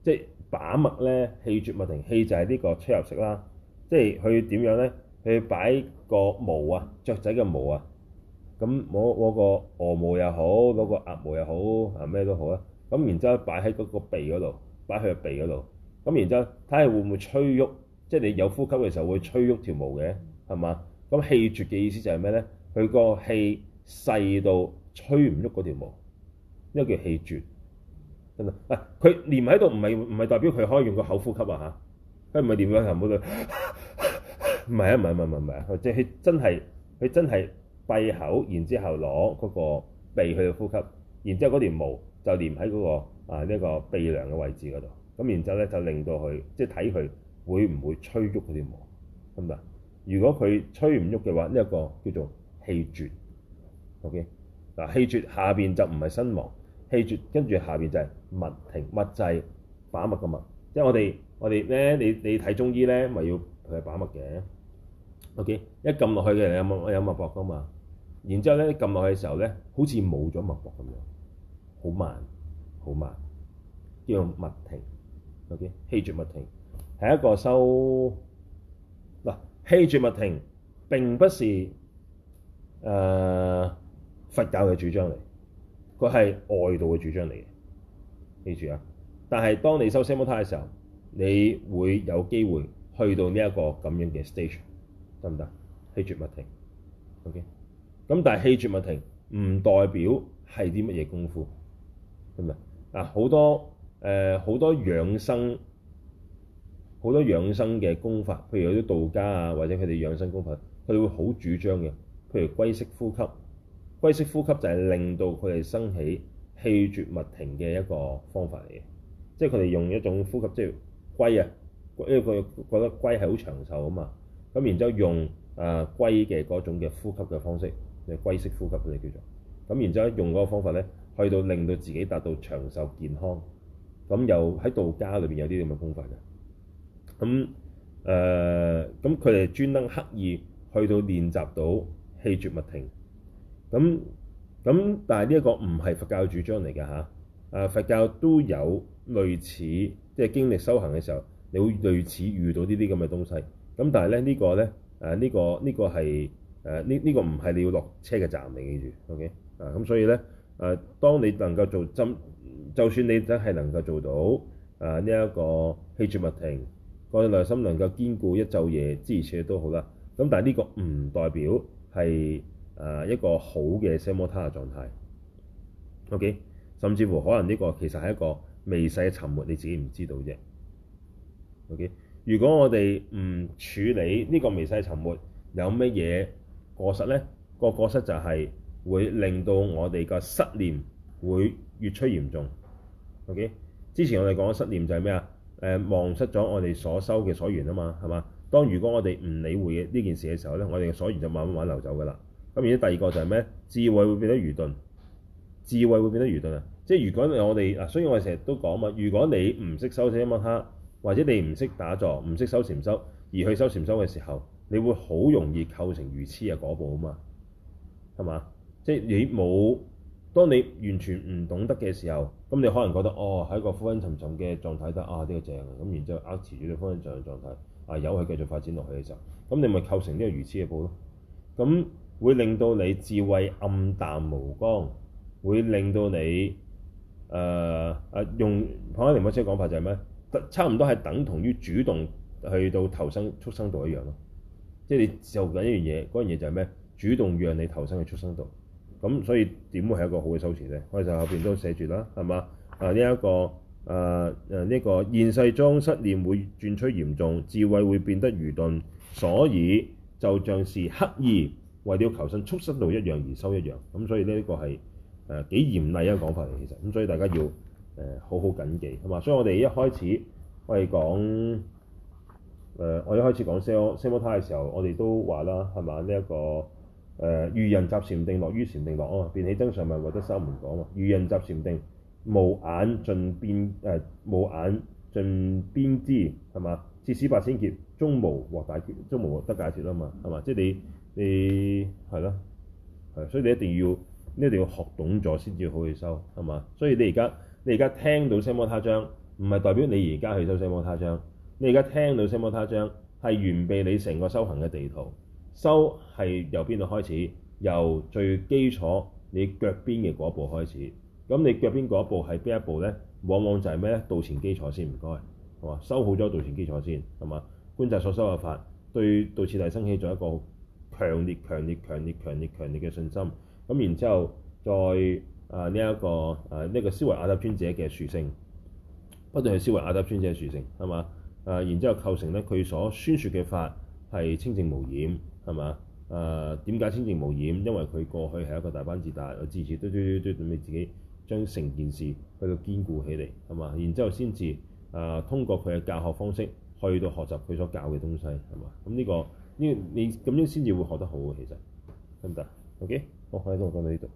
即係。把脈咧，氣絕物停。氣就係呢個吹入式啦，即係佢點樣咧？佢擺個毛啊，雀仔嘅毛啊，咁我攞、嗰個鵝毛又好，攞、嗰個鴨毛又好，啊咩都好啊。咁然之後擺喺嗰個鼻嗰度，擺喺個鼻嗰度。咁然之後睇下會唔會吹喐，即係你有呼吸嘅時候會吹喐條毛嘅，係嘛？咁氣絕嘅意思就係咩咧？佢個氣細到吹唔喐嗰條毛，呢個叫氣絕。真佢、啊、黏喺度，唔係唔係代表佢可以用個口呼吸啊嚇，佢唔係點樣啊，唔係啊，唔係唔係唔係啊！即係、啊啊啊啊啊啊、真係佢真係閉口，然之後攞嗰個鼻去呼吸，然之後嗰條毛就黏喺嗰、嗰個啊呢、呢個鼻梁嘅位置嗰度，咁然之後咧就令到佢即係睇佢會唔會吹喐嗰條毛，得唔得？如果佢吹唔喐嘅話，呢、呢、一個叫做氣絕，OK 嗱、啊，氣絕下邊就唔係身亡。氣絕，跟住下邊就係物停物制把脈嘅脈，即係我哋我哋咧，你你睇中醫咧，咪要佢把脈嘅。O.K. 一撳落去嘅人有有脈搏噶嘛，然之後咧撳落去嘅時候咧，好似冇咗脈搏咁樣，好慢好慢，叫物停。O.K. 氣絕物停係一個收嗱氣絕物停，並不是誒、呃、佛教嘅主張嚟。佢係外道嘅主張嚟嘅，記住啊！但係當你修 samatha 嘅時候，你會有機會去到呢一個咁樣嘅 stage，得唔得？氣絕勿停，OK。咁但係氣絕勿停唔代表係啲乜嘢功夫，係咪啊？好多誒好、呃、多養生，好多養生嘅功法，譬如有啲道家啊，或者佢哋養生功法，佢會好主張嘅，譬如龜式呼吸。龜式呼吸就係令到佢哋生起氣絕物停嘅一個方法嚟嘅，即係佢哋用一種呼吸，即係龜啊，因為佢覺得龜係好長壽啊嘛。咁然之後用啊龜嘅嗰種嘅呼吸嘅方式，即係龜式呼吸佢哋叫做。咁然之後用嗰個方法咧，去到令到自己達到長壽健康。咁又喺道家裏邊有啲咁嘅功法嘅。咁誒，咁佢哋專登刻意去到練習到氣絕物停。咁咁、嗯，但係呢一個唔係佛教主張嚟㗎嚇。誒、啊、佛教都有類似，即係經歷修行嘅時候，你會類似遇到呢啲咁嘅東西。咁但係咧，呢個咧誒呢個呢、啊這個係誒呢呢個唔係、啊這個、你要落車嘅站嚟記住。OK 啊，咁所以咧誒、啊，當你能夠做針，就算你真係能夠做到誒呢一個氣絕物停，個內心能夠堅固一晝夜，支持嘅都好啦。咁但係呢個唔代表係。誒、呃、一個好嘅奢摩他嘅狀態，OK，甚至乎可能呢個其實係一個微細嘅沉沒，你自己唔知道啫。OK，如果我哋唔處理呢個微細沉沒，有乜嘢過失呢？個過失就係會令到我哋嘅失念會越趨嚴重。OK，之前我哋講嘅失念就係咩啊？誒、呃，忘失咗我哋所收嘅所緣啊嘛，係嘛？當如果我哋唔理會嘅呢件事嘅時候呢，我哋嘅所緣就慢慢慢流走噶啦。咁，而家第二個就係咩？智慧會變得愚鈍，智慧會變得愚鈍啊！即係如果我哋嗱，所以我哋成日都講嘛，如果你唔識收捨一鑊黑，或者你唔識打坐，唔識收禪修，而去收禪修嘅時候，你會好容易構成愚痴嘅嗰步啊嘛，係嘛？即係你冇當你完全唔懂得嘅時候，咁你可能覺得哦，喺個昏昏沉沉嘅狀態得啊，呢個正咁，然之後堅持住呢個昏沉嘅狀態啊，由佢繼續發展落去嘅時候，咁你咪構成呢個愚痴嘅步咯，咁。會令到你智慧暗淡無光，會令到你誒誒、呃啊、用帕繃喀大師嘅講法就係咩？差唔多係等同於主動去到投生畜生道一樣咯。即係你做緊一樣嘢，嗰樣嘢就係咩？主動讓你投生去畜生道。咁所以點會係一個好嘅修持咧？我哋就後邊都寫住啦，係嘛？啊呢一、這個啊誒呢、這個現世中失念會轉趨嚴重，智慧會變得愚鈍，所以就像是刻意。為了求生，畜生道一樣而修一樣咁，所以呢一個係誒幾嚴厲一個講法嚟。其實咁，所以大家要誒、呃、好好緊記係嘛。所以我哋一開始我哋講誒、呃，我一開始講 sell sell talk 嘅時候，我哋都話啦係嘛呢一個誒、呃、愚人集禪定，落於禪定落安便起增上慢咪？為得沙門果嘛。愚人集禪定，無眼盡變誒，無眼盡邊知係嘛？設使八千劫，終無獲解脫，終無得解脫啊嘛係嘛？Yes, 即係你。你係咯，係，所以你一定要一定要學懂咗先至好去修，係嘛？所以你而家你而家聽到奢摩他章，唔係代表你而家去修奢摩他章。你而家聽到奢摩他章係完備你成個修行嘅地圖。修係由邊度開始？由最基礎你腳邊嘅嗰一步開始。咁你腳邊嗰一步係邊一步咧？往往就係咩咧？道前基礎先唔該，係嘛？修好咗道前基礎先，係嘛？觀察所修嘅法對道次第生起咗一個，強烈、強烈、強烈、強烈、強烈嘅信心，咁然之後再啊呢一個啊呢個思維阿達尊者嘅殊勝，不斷去思維阿達尊者嘅殊勝，係嘛？誒然之後構成咧，佢所宣説嘅法係清淨無染，係 (noise) 嘛樂？誒點解清淨無染？因為佢過去係一個大班智達，我自始嘟嘟嘟嘟準備自己將成件事去到堅固起嚟，係嘛？然之後先至誒通過佢嘅教學方式去到學習佢所教嘅東西，係嘛？咁呢個。呢個你咁樣先至會學得好，其實得唔得？OK，好，我喺度講到呢度。